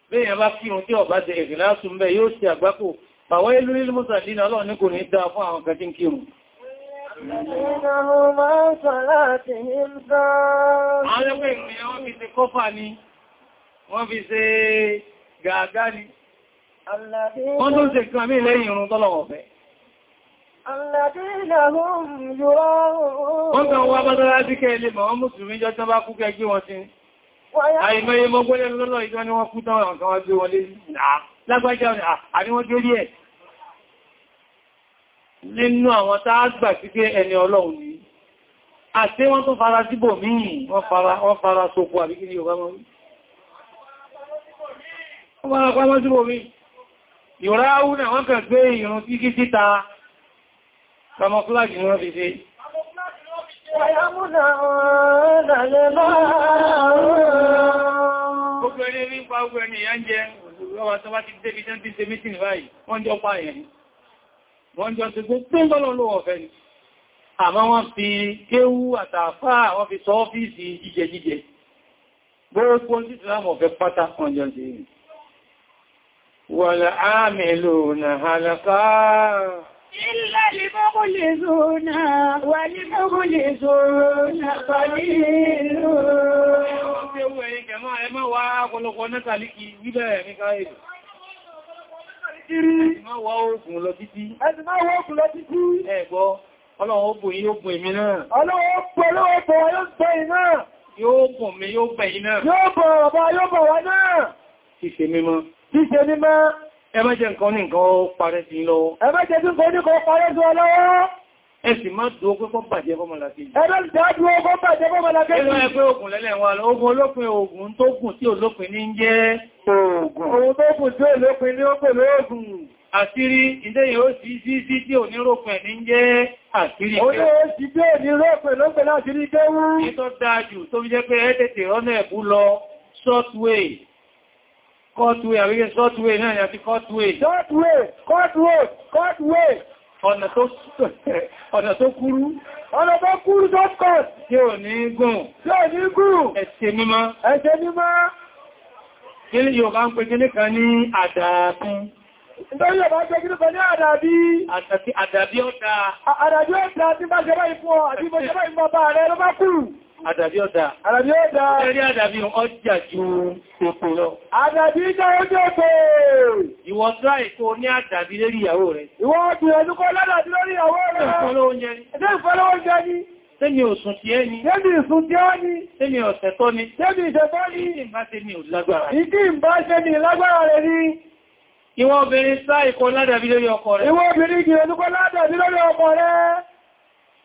Bí èèyàn bá kí ohun tí ọ̀bá jẹ ìrìnlá sùn bẹ́ yóò sí àgbákò, bàwọ́ ìlú nílùú Mùsàdínà ọlọ́run ní kò ní dáa fún àwọn kẹtí ń kírun. Àwọn ẹgbẹ́ ìrìnlẹ́ wọ́n fi ṣe kọ́fà ni, wọ́n fi ṣe gàgá ni, Wọ́n tó ń ṣe kan mí lẹ́yìn irun tọ́lọ̀wọ̀ fẹ́. Wọ́n kan wá bá dára sí kẹ́ ilé mọ̀ wọ́n Mùsùlùmí jọ tán bá kú kẹ́ gbé wọn sí. Àìmọye mọ́ gbọ́lẹ̀ lọ́lọ́ ìjọ ni wọ́n kú tán àwọn kan wá gbé wọn lé lágbàjá àní wọ́n gbé rí ẹ̀. Nínú àwọn tágbà sí pé ẹni Ọlọ́run ni. Àti wọ́n tó fara síbò míì, wọ́n fara sókò àbíkí ni Yorùbá mọ́. Wọ́n fara pamọ́ síbò míì ìráwú náà wọ́n kàn gbé ìrùn sí kí síta kamọ́fúlájì ni wọ́n fi ṣe Gbogbo ẹni ní pa ogun ẹni ìyá ṣe mítìnì báyìí, wọ́n jọ pa ẹ̀yẹn. Wọ́n jọ ti gbogbo ọlọ́run ló wọ̀fẹ́ ni. Àmọ́ wọ́n fi kéwú والعاملون هلقا إلا المغلظون والمغلظون قليل Ọlọ́run ó bùn yí ó bùn èmi náà. Ọlọ́run ó pọ̀ lọ́wọ́ pọ̀ yóò gbẹ̀ iná. Yóò bùn mi yóò gbẹ̀ iná. Yóò bọ̀ ọ̀bá yóò bọ̀ wá náà. Ìṣe mímọ́ ṣíṣe ní mẹ́ ẹmẹ́jẹ nǹkan ní nǹkan parẹ́ sí lọ́wọ́ ẹmẹ́jẹ tí nǹkan ní kan parẹ́ sí ọlọ́wọ́ ẹ̀sì má dúó pé kọ́ bàjẹ́ fọ́mọ láti ìjì ẹgbẹ́ ìdádúó kọ́ bàjẹ́ fọ́mọ láti ìjì ẹgbẹ́ ẹgbẹ́ ogun lẹ́lẹ̀ wọn ogun olópin ogun tó gùn tí olópin ní jẹ́ ogun ogun tó gùn tí olópin ní ó pẹ̀lú ogun àṣírí ilé yóò sí sí sí tí ò ní rópin ní jẹ́ àṣírí pẹ̀lú olóò sí bí ò ní rópin ló pẹ̀lú àṣírí gẹ́wú Kọ́tùwé, àrígẹ́ sọ́tùwé náà ni àti kọ́tùwé. Sọ́tùwé, kọ́tùwé, kọ́tùwé. Ọ̀nà tó kúrú. Ọ̀nà tó kúrú sọ́tùkọ́t. Tí ò ní gùn. Tí ò ní gùn. Ẹ̀ṣẹ̀ mímọ́. Ẹ̀ṣẹ̀ mímọ́. Kílí yóò bá ń pè kílé kan ní àdàkún. Nítorí yóò bá ń pè kílé kan ní àdàbí. Àdàbí ọ̀dà. Àdàbí ọ̀dà tí bá jẹ báyìí fún ọ, àti bó jẹ báyìí fún ọba rẹ̀ ló bá kúrù. Àdàbí ọ̀dà. Àdàbí ọ̀dà. Ẹrí àdàbí ọjà ju èpò lọ. Àdàbí jẹ́ ojú èpò. Ìwọ dá èkó ní àdàbí lérí ìyàwó rẹ̀. Ìwọ ọdún ẹnukọ́ ládàbí lórí ìyàwó rẹ̀. Ẹ̀dẹ́ ìfọ́lọ́wọ́jẹ́ ni. Tẹ́mi òsùn ti ẹ́ ni. Tẹ́mi ìsùn ti ẹ́ ni. Tẹ́mi ọ̀sẹ̀ tọ́ ni. Tẹ́mi ìṣẹ̀tọ́ ni. Ìdí ìbá tẹ́mi ò lágbára. Ìdí ìbá tẹ́mi lágbára rẹ̀ ni. Ìwọ obìnrin sá ìkọ ládàbí lórí ọkọ rẹ̀. Ìwọ obìnrin gìrẹ̀ ládàbí lórí ọkọ rẹ̀.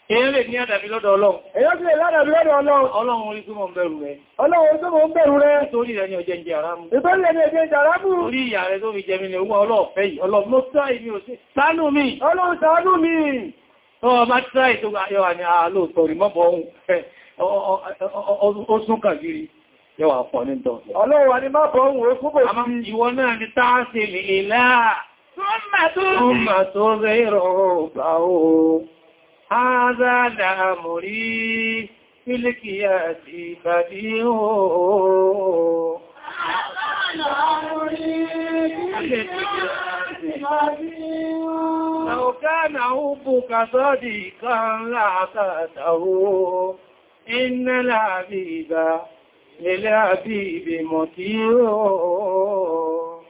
Èyàn lè ní àdàbí lọ́dọ̀ Ọlọ́run. Èyàn lè ládàbí lọ́dọ̀ Ọlọ́run. Ọlọ́run orí tó mọ̀ ń bẹ̀rù rẹ̀. Ọlọ́run orí tó mọ̀ ń bẹ̀rù rẹ̀. Nítorí rẹ̀ ni ọjẹ́ ń jẹ àrámù. Nítorí rẹ̀ ni ọjẹ́ ń jẹ àrámù. Orí ìyà rẹ̀ tó fi jẹ mi ni owó ọlọ́ọ̀fẹ́ yìí. Ọlọ́run ló sáì mi ò sí. Ṣàánú mi. Ọlọ́run ṣàánú mi. Tọ́ bá sáì tó gbà yọ wà ní àlóòtọ̀ rí mọ́bọ̀ ohun. Ó sún kàgiri yọ́wà pọ̀ ní tọ́. Ọlọ́run wà ní má bọ̀ ohun ó kúbò. Àmọ́ ìwọ náà ni táà sí ilá. Súnmà tó rí. Súnmà tó rí rọ̀ هذا لأمري في الكياس بديع لو كان حبك صديقا لعطاته إن الحبيب للحبيب مطيع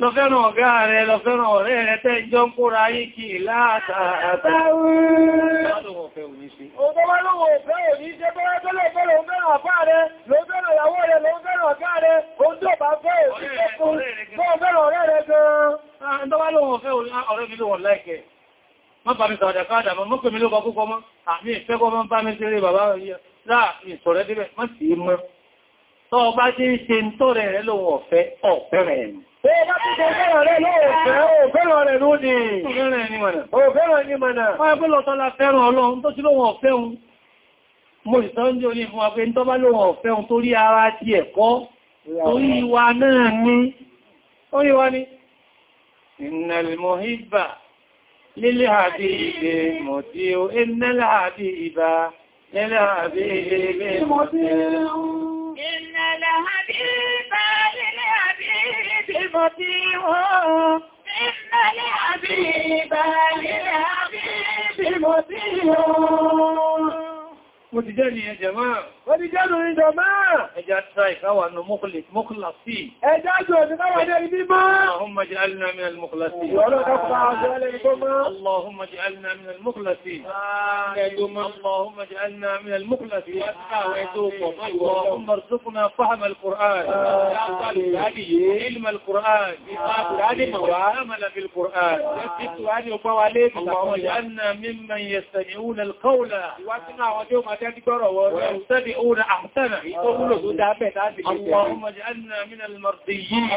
lọ fẹ́ràn ọ̀gá rẹ̀ lọ fẹ́ràn ọ̀rẹ́ rẹ̀ tẹ́ ìjọ ń kóra yí kí látàrà ah, ah, Má bá mi sọ̀rọ̀ káàdà mọ́ mọ́kànlá ló bá púpọ̀ mọ́, àmì ìfẹ́kọ́ mọ́ bá mi ṣeré bàbá ráà ìṣọ̀rẹ́ débẹ̀, má sì í mọ́. Tọ́ ọba tí ń ṣe ń tó rẹ̀ rẹ̀ lóhun ọ̀fẹ́ ọ̀fẹ́ rẹ̀ ẹ̀mù. Mo ìsọ́njẹ́ orí fún àpé tó bá lóhun ọ̀fẹ́ ohun torí ara ti ẹ̀kọ́ torí ìwà náà ní. Ó yí wá ní, Ìnàlmọ̀híbà lílé àbí ìgbè mọ̀ tí ó, Ìnàlá àbí ìbá lílé àbí ìgbè mọ̀ tí ó. Ìnàlá àbí ìbá مطيعه إن لعبيب لعبيب مطيعه متجاني يا جماعة Oníjẹ́nu ìjọ máa. Ẹja tíráì káwà nù mọ́kànlásí. Ẹja jù ọdún káwà ní ẹni mímọ́. Allahumma ja'alna min al-mukhlasin. Allahumma ja'alna min al-mukhlasin. Allahumma ja'alna min al-mukhlasin. Allahumma arzuqna fahma al-Qur'an. Ilma al-Qur'an. Amala bil-Qur'an. Allahumma ja'alna mimman yastami'una al-qawla. Ìwá tí náà wọ́n tí ó máa jẹ́ اتبعون احسن يقولوا ذو دابت اللهم اجعلنا من المرضيين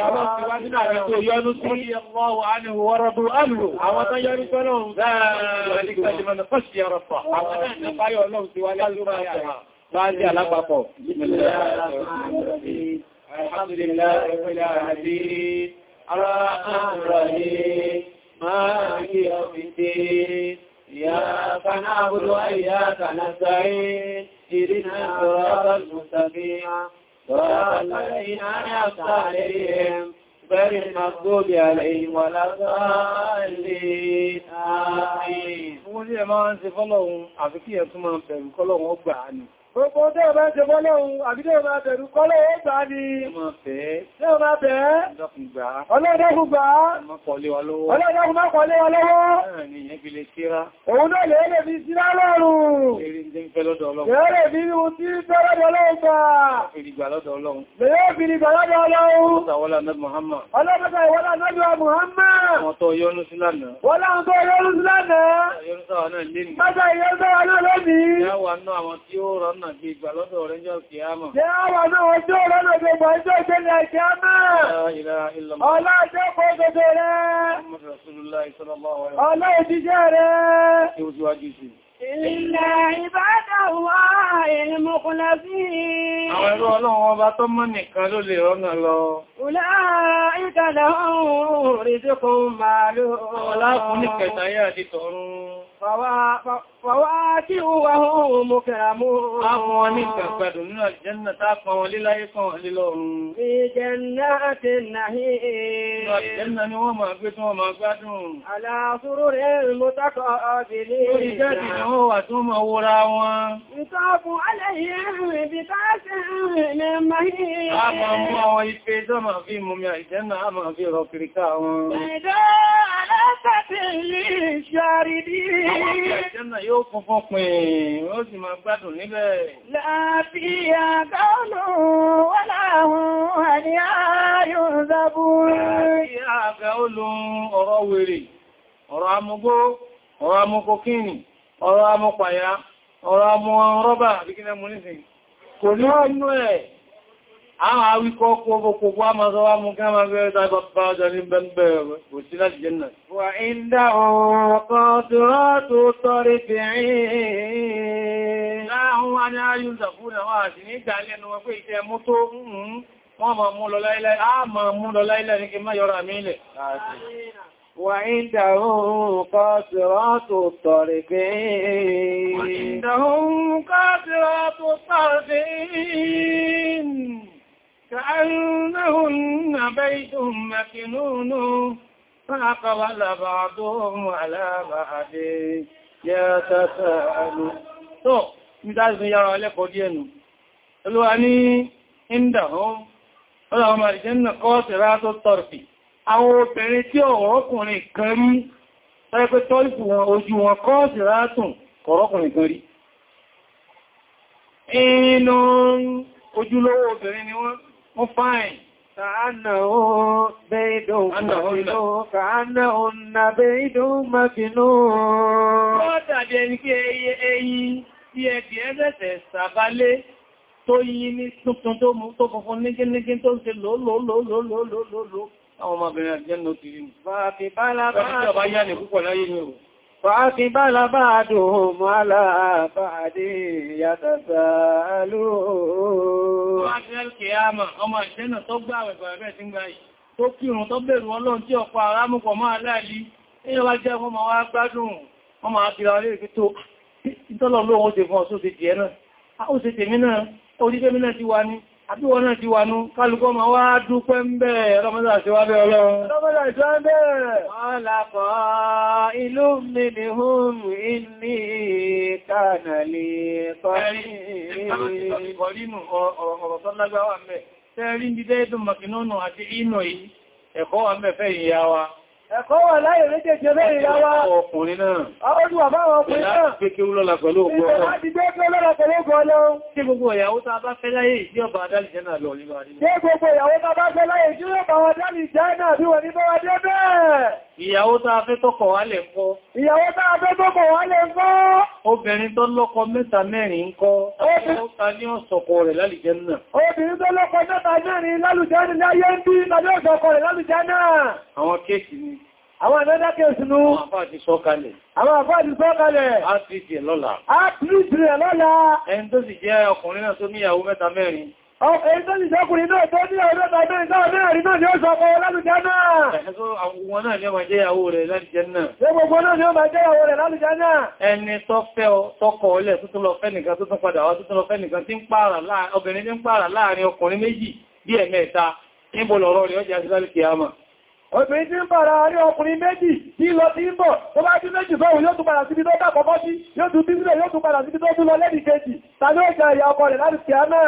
رضي الله عنه ورضوا عنه عوضا يرضى لهم ذلك لمن خشي ربه عوضا نفعي الله سوالي الله فاتي على بابه بسم الله الرحمن الرحيم الحمد لله رب العالمين الرحمن الرحيم مالك يوم الدين إياك نعبد وإياك نستعين اهدنا صراط المستقيم صراط الذين أنعمت عليهم غير المغضوب عليهم ولا الضالين آمين. Wọ́n ní ẹ máa ń ṣe fọ́lọ́run àfikí ẹ̀ tún máa ń bẹ̀rù kọ́lọ́run ọgbà ni. Gbogbo tẹ́ ọba ṣe bọ́lẹ̀ ohun àbídẹ́ ọba bẹ̀rù kọ́lẹ̀ ẹgbà ni. Ọmọ bẹ̀ẹ́. Tẹ́ ọba bẹ̀ẹ́. Ọlọ́dẹ́kùn gbà. Ọlọ́dẹ́kùn gbà. Ọmọ kọ̀lé wa lọ́wọ́. Ọlọ́dẹ́kùn má kọ̀lé wa lọ́wọ́. Ẹ̀rìn ni ìyẹn fi lè síra. Òun náà lè lè fi síra lọ́rùn. Èrè ń fẹ́ lọ́dọ̀ Ọlọ́run. Èrè bí i ohun tí ń fẹ́ lọ́dọ̀ Ọlọ́run gbà. Èrè gbà lọ́dọ̀ Ọlọ́run. Lè fi ní gbà lọ́dọ̀ Ọlọ́run. Ọlọ́dọ̀ wà ní àwọn tí ó rọ́nà gbé ìgbà lọ́dọ̀ rẹ̀ jọ kì á mọ̀. Tí a wà ní ojú rọ́nà gbé ìgbà ìjọ ìjẹ́lẹ̀ kì á mọ̀. Ọlá ìjẹ́ kó gẹ́gẹ́ rẹ̀. Ọlá ìjíjẹ́ rẹ̀. Ìlà ìbádà wà ìlmùkùnlá sí. Àwọn ẹ̀rọ ọlọ́run ọba tó mọ́ nìkan ló lè rọ́nà lọ. Ọlá ìkàlẹ̀ ọ̀rùn rìdíkùn màálù. Ọlá fún ní kẹta yẹ́ àti tọ̀rún. Fàwákí wà hún mú kẹràmú. Àwọn wọn ní pẹ̀pẹ̀dù nínú àjẹ́nà tápa wọn líláyé kan wọn lílọ ọ̀run. Ìjẹ́nà àti nàí. Àjẹ́nà ni wọ́n máa gbé tí wọ́n máa gbádùn. Àlàáfúrú rẹ̀ mú tákọ̀ ọ̀bìnrin. Orí ni wọ́n wà tó máa wúra wọn. Ìtọ́kùn alẹ́yìn rìn bí táṣẹ́ rìn ní máa A máa mú àwọn ife tó Ìjọ́nà yóò kún fún pin, ó sì máa gbádùn níbẹ̀. Láàbí àkọ́nù wà láàrùn àní ààyò ìzàbú. Láàbí àkọ́lù ọ̀rọ̀ wèrè, ọ̀rọ̀ amúgbó, ọ̀rọ̀ amúkokíni, ọ̀rọ̀ amúpàyà, ọ̀rọ̀ amú rọ́bà, àwọn awíkọ́ kòkòkò àmàzọwà mú ká máa bẹ̀rẹ̀ tàbí bá ọjọ́ bẹ̀rẹ̀ kò sí láti jẹ́nà. wà ìdá ọ̀pọ̀ dúró tó tọ́rí fi rìn láàrùn wá ní ayúzà fún àwọn àti ní ìdálẹ́nu wọn pé ìtẹ́ mú tó wọ́n كأنهن بيت مكنون فأقبل بعضهم على بعض يتساءلون tó ní dájú yára ẹlẹ́kọ̀ọ́ díẹ̀ nù olúwa ní ìndàhún ọlọ́wọ́ màrìjẹ́ nà kọ́ tẹ̀rá tó tọ̀rọ̀fì àwọn obìnrin tí ọ̀rọ̀kùnrin kan rí tẹ́ẹ̀kẹ́ tọ́ìpù wọn ojú wọn kọ́ tẹ̀rá tún ọ̀rọ̀kùnrin kan rí inú ojúlówó obìnrin ni wọ́n mo fine. Kàánàó bẹ́ẹ̀dùn mọ̀fínú, kàánàó nà bẹ́ẹ̀dùn mọ̀fínú. Ó dàbí ẹni kí ẹyẹ ẹyin tí ẹbí ẹgbẹ̀sẹ̀ sàbálé tó yí ní tuntun tó mú tó funfun nígínnígí tó ń ṣe lòólòólòólòólòólòó. Àwọn ọmọbìnrin àjẹ́ فأقبل بعضهم على بعض يتساءلون وعشان القيامة ọmọ ìṣẹ́nà tó gbà àwẹ̀ pẹ̀lẹ̀ tí ń gbà yìí tó kírun tó bẹ̀rù ọlọ́run tí ọ̀pọ̀ ara mọ́pọ̀ máa láàrí èyàn wá jẹ́ ọmọ wá gbádùn ọmọ àbíra orí ìfẹ́ tó ìtọ́lọ̀ lóòrùn ó ti fún ọ̀sọ́ àbí wọn náà ti wà ní kálùkọ́ ma wá dúpẹ́ ń bẹ́ ọlọ́mọdé àti wá bẹ́ ọlọ́run. ọlọ́mọdé àti wá bẹ́ ọlọ́pọ̀ ìlú mìírì hùn ní kánàlì kọrínù ọ̀rọ̀ tó lágbàwà mẹ́ Ẹ̀kọ́ wà láyé méjèèjì mẹ́rin láwá. Ọkùnrin náà. Ọdún wà báwọn ọkùnrin náà. Ìlànà kékeré lọ́la pẹ̀lú ògbọ́ ọlọ́run. Ìjọba ti gbé pé lọ́la pẹ̀lú ògbọ́ ọlọ́run. Ṣé gbogbo ìyàwó ta bá fẹ́ láyé ìjí ọba adálì jẹ́ náà lọ nígbà Ìyàwó tá a fẹ́ tọ́kọ̀ wá lè fọ́. Ìyàwó tá a fẹ́ tọ́kọ̀ wá lè fọ́. Obìnrin tó lọ́kọ mẹ́ta mẹ́rin ń kọ́. Ọta ní ọ̀sọ̀kọ̀ rẹ̀ lálùjẹ́ náà. Obìnrin tó lọ́kọ mẹ́ta mẹ́rin lálùjẹ́ náà yẹ́ ń bí lábẹ́ ọ̀sọ̀kọ̀ lálùjẹ́ náà. Àwọn kéèkì ni. Àwọn ẹ̀dẹ́dẹ́ kéèsì ní àwọn àfáà ti sọ́kalẹ̀. Àwọn àfáà ti sọ́kalẹ̀. A ti jẹ lọ́la. A ti jẹ lọ́la. Ẹni tó fẹ́ ọkọ̀ olẹ̀ tuntun lọ fẹ́ nìkan tuntun padà wá tuntun lọ fẹ́ nìkan tí ń pààrà láàrin obìnrin tí ń pààrà láàrin ọkùnrin méjì bí ẹ̀mẹ́ta níbo lọ̀rọ̀ rẹ̀ ọjà sí lálùkì àmà. Obìnrin tí ń pààrà láàrin ọkùnrin méjì tí lọ sí ń bọ̀ tó bá tí méjì sọ́wọ́ yóò tún padà síbi tó dákọ̀ bọ́ sí yóò tún bí sílẹ̀ yóò tún padà síbi tó tún lọ lẹ́nìkejì tàbí ó jẹ ìyà ọkọ rẹ̀ lálùkì àmà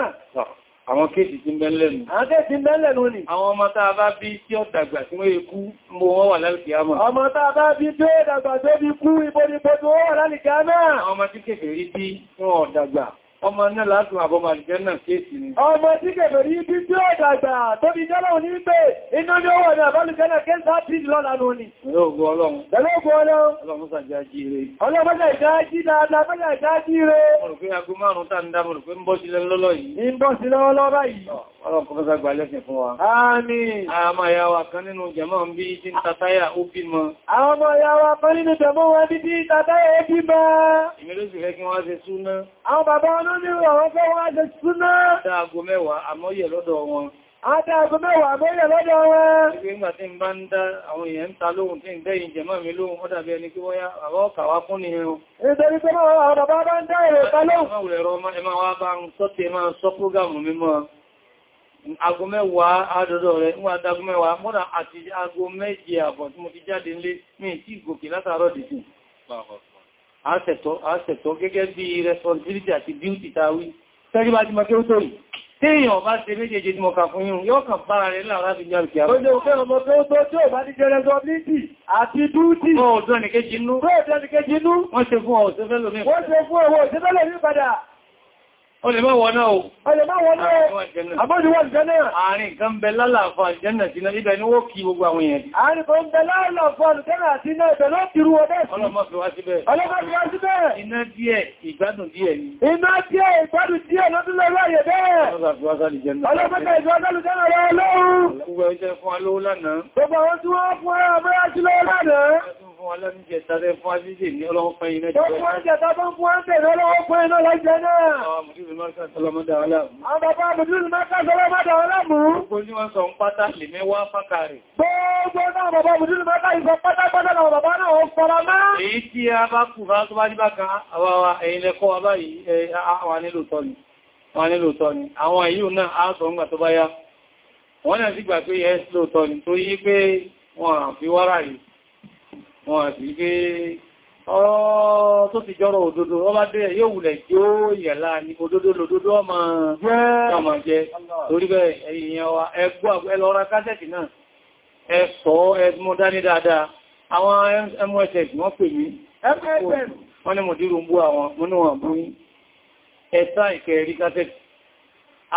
àwọn kéèsì tí ń bẹ́ lẹ́nu. àwọn kéèsì ń bẹ́ lẹ́nu ni. àwọn ọmọ tàà bá bí tí ó dàgbà tí wọ́n ikú mo wọ́n wà lálìkì àmà. ọmọ bá bí tí ó ọmọ náà látún àbọmọ àjẹ́ náà kéèsì ni. ọmọ tí kẹfẹ̀ rí bí tí ó dàgbà tó fi jẹ́lọ ní pé iná ní ó wà ní àbálùjẹ́ náà kéèsì láti lọ́la nù ní. Pẹ̀lú ògo Ọlọ́run. Pẹ̀lú ògo Ọlọ́run. Ọlọ́run mọ́sàn jẹ́ ají rẹ̀. Ọlọ́run mọ́sàn jẹ́ ají dáadáa, mọ́sàn jẹ́ ají rẹ̀. Mo rò pé agbó márùn-ún tàbí mo rò pé ń bọ́ sílẹ̀ lọ́lọ́ yìí. Ń bọ́ sílẹ̀ lọ́lọ́ báyìí ọlọ́pọ̀lọ́sá gba lẹ́sìn fún wa. Àmín. Àmà yàwà kan nínú jẹmọ́ ń bí tí ń tatáyà ó bí mọ́. Àmà yàwà kan nínú jẹmọ́ wọ́n bí tí tatáyà é bí mọ́. Ìmìlósì rẹ̀ kí wọ́n ṣe súná. Àwọn bàbá olóníwọ̀ wọ́n fẹ́ wọ́n ṣe súná. Dáàgó mẹ́wàá àmọ́yẹ̀ lọ́dọ̀ wọn. Àti àgbọ́ mẹ́wàá mẹ́rẹ̀ lọ́dọ̀ wọn. Ìgbìngbà tí ń bá ń dá àwọn èèyàn ń ta lóhun tí ń bẹ́ ìjẹ aago mẹ́wàá àádọ́dọ̀ rẹ̀ níwà dágó mẹ́wàá mọ́dá àti aago méje àbọ̀ tí mo fi jáde nílé ní tí gòkè látàárọ̀ dìtì àṣẹ̀tọ́ gẹ́gẹ́ bí responsibility àti duty tàwí tẹ́rí bá ti mọ́ kéwú tórí téèyàn bá ṣe méjèèjì tí mo kà fún yín yóò kàn bára rẹ̀ láàrá fi jẹ́ òkè àwọn ọmọdé òfẹ́ ọmọ O lè bá wọn náà o. O lè bá wọn náà o. Àbọ́dì wọ́n jẹ́ náà. Àárín kan bẹ lálàáfà jẹ́nà sí náà ibẹ̀ ni wó kí gbogbo àwọn èèyàn. Àárín kan bẹ lálàáfà jẹ́nà sí náà ibẹ̀ ló ti rú ọdẹ́ sí. Ọlọ́mọ́ fi wá síbẹ̀. Ọlọ́mọ́ fi wá síbẹ̀. Iná díẹ̀ ìgbádùn díẹ̀ ni. Iná díẹ̀ ìgbádùn díẹ̀ ló tún lọ́rọ̀ ayẹ̀ bẹ́ẹ̀. Ọlọ́mọ́ fi wá sálì jẹ́nà. Ọlọ́mọ́ fi wá sálì jẹ́nà lọ́wọ́ lọ́wọ́. Gbogbo ẹjẹ́ fún alówó lánàá. Gbogbo àwọn tí wọ́n fún fún alẹ́mìjẹ tàbí fún àjíjẹ àwọn mùsùlùmí mọ́ká sọlọ́mọ́dà aláàmù àwọn bàbá mùsùlùmí mọ́ká sọlọ́mọ́dà aláàmù gbogbo ní wọ́n sọ ń pátá lè mẹ́wàá fákàrí gbogbo náà bàbá mùsùlùmí mọ́ká ìsọ pátá pátá náà bàbá náà ó fọ́ra máa èyí tí a bá kù bá tó bá ní bá kan àwọn ẹ̀yìn lẹ́kọ́ wa báyìí àwọn nílò tọ́ni àwọn èyí náà á sọ ń gbà tó bá yá wọ́n náà sì gbà pé ẹ́ lóòtọ́ ni tó yí pé wọ́n fi wárà wọn sì gbé ọ̀rọ̀ tó ti jọrọ òdodo ọba dẹ̀ yóò wùlẹ̀ jó ìyẹ̀lá ní òdodo lòdodo ọmọ ọmọ jẹ torí bẹ́ èèyàn wa ẹgbọ́ ẹlọ́ra kásẹ̀tì náà ẹ̀sọ́ ẹmọ dání dáadáa àwọn mss wọ́n pè mí wọ́n ní mọ̀dírù ń bú àwọn múnúwọ̀n bú ẹ̀sá ìkẹrí kásẹ̀tì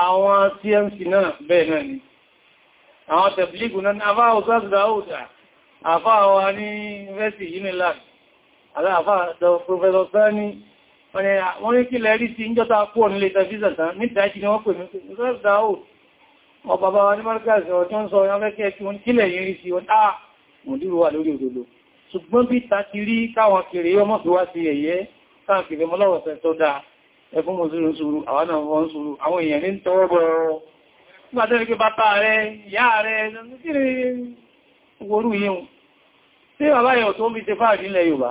àwọn tmc náà bẹ́ẹ̀ náà ni àwọn tẹ̀blígù náà àfáà wa ní university unilag aláàfá professor sani wọ́n ní kí lẹ rí sí ìjọta pọ̀ nílé tẹfíṣà tán ní ìdájí ni wọ́n pè mí sọ́rọ̀dá ò ọ̀bàbá wa ní márùkàsì ọjọ́ ń sọ ọ̀yánfẹ́kẹ́ kí wọ́n kílẹ̀ yìí rí sí wọ́n dáa ah, mọ̀dúrú wà lórí òdòdó ṣùgbọ́n bí ta ti rí káwọn kèrè ọmọ fi wá sí ẹ̀yẹ káàkiri mọ́lọ́wọ̀sẹ̀ tó dáa ẹkún mọ̀sílùú sùúrù àwọn náà wọ́n sùúrù àwọn èèyàn ní tọwọ́ bọ̀rọ̀ worú yíun tí bàbá yẹ̀ tó ń bí ṣe fáàrí ilẹ̀ Yorùbá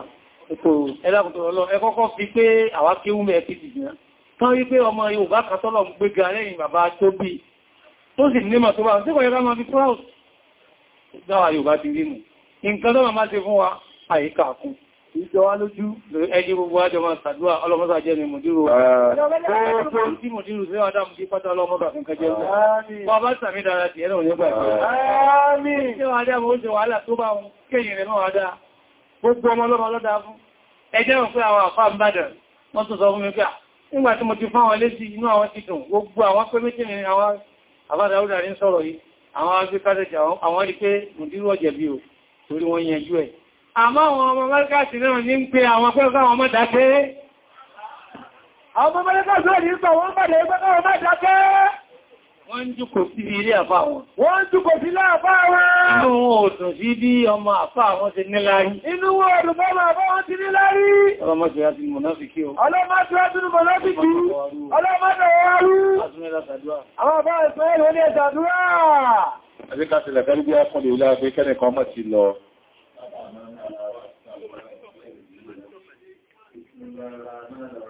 ètò ẹlákùtò ọlọ́ ẹ kọ́kọ́ fi pé àwa kéwú mẹ́ kí jìjìnà tán wípé ọmọ Yorùbá katọ́lọ̀ ń gbé ga lẹ́yìn bàbá tó bí tó sì nímọ̀ tó bá ń tíkọ̀ yẹ́ká máa fi proud dáwà Yorùbá ti rí nù nǹkan tó máa ṣe fún wa àyíká kún ìjọ wá lójú ẹjí gbogbo àjọ máa sàdúwà ọlọ́mọ́sà jẹ́ mi mùdírò ah. ọ̀rọ̀ tí mùdírò sí ọ̀dá mùdí pátá ọlọ́mọ́sà fún kẹjẹ́ ọ̀rọ̀ bá sàmì dára ti ẹ̀rọ òyìnbà nígbà tí mo ti fáwọn létí inú àwọn títùn gbogbo àwọn pé méjì ni àwọn àbádáwúdà ní sọ̀rọ̀ yìí àwọn agbékádẹ́jà àwọn rí pé mùdírò ọ̀jẹ̀bí o torí wọ́n yẹn jú ẹ̀ àmọ́ àwọn ọmọ mẹ́ríkàsì náà ní ń pe àwọn pẹ́lú káwọn ọmọ dákẹ́ àwọn ọmọ mẹ́ríkàsì náà ní ń pẹ̀ wọ́n bàdẹ̀ ẹgbẹ́ káwọn ọmọ dákẹ́ wọ́n ń jùkò sí ilé àfá wọn wọ́n ń jùkò sí ilé àfá wọn inú wọn ò dùn sí bí ọmọ àfá wọn ti nílárí inú wọn ò dùn bọ́mọ àfá wọn ti nílárí ọlọ́mọ́sí láti mọ̀náfíkí o ọlọ́mọ́sí láti mọ̀náfíkí ọlọ́mọ́sí ọwọ́rú àwọn àfá ìsọ́ ẹ̀rọ ní ẹ̀sàdúrà بسم الله الرحمن الرحيم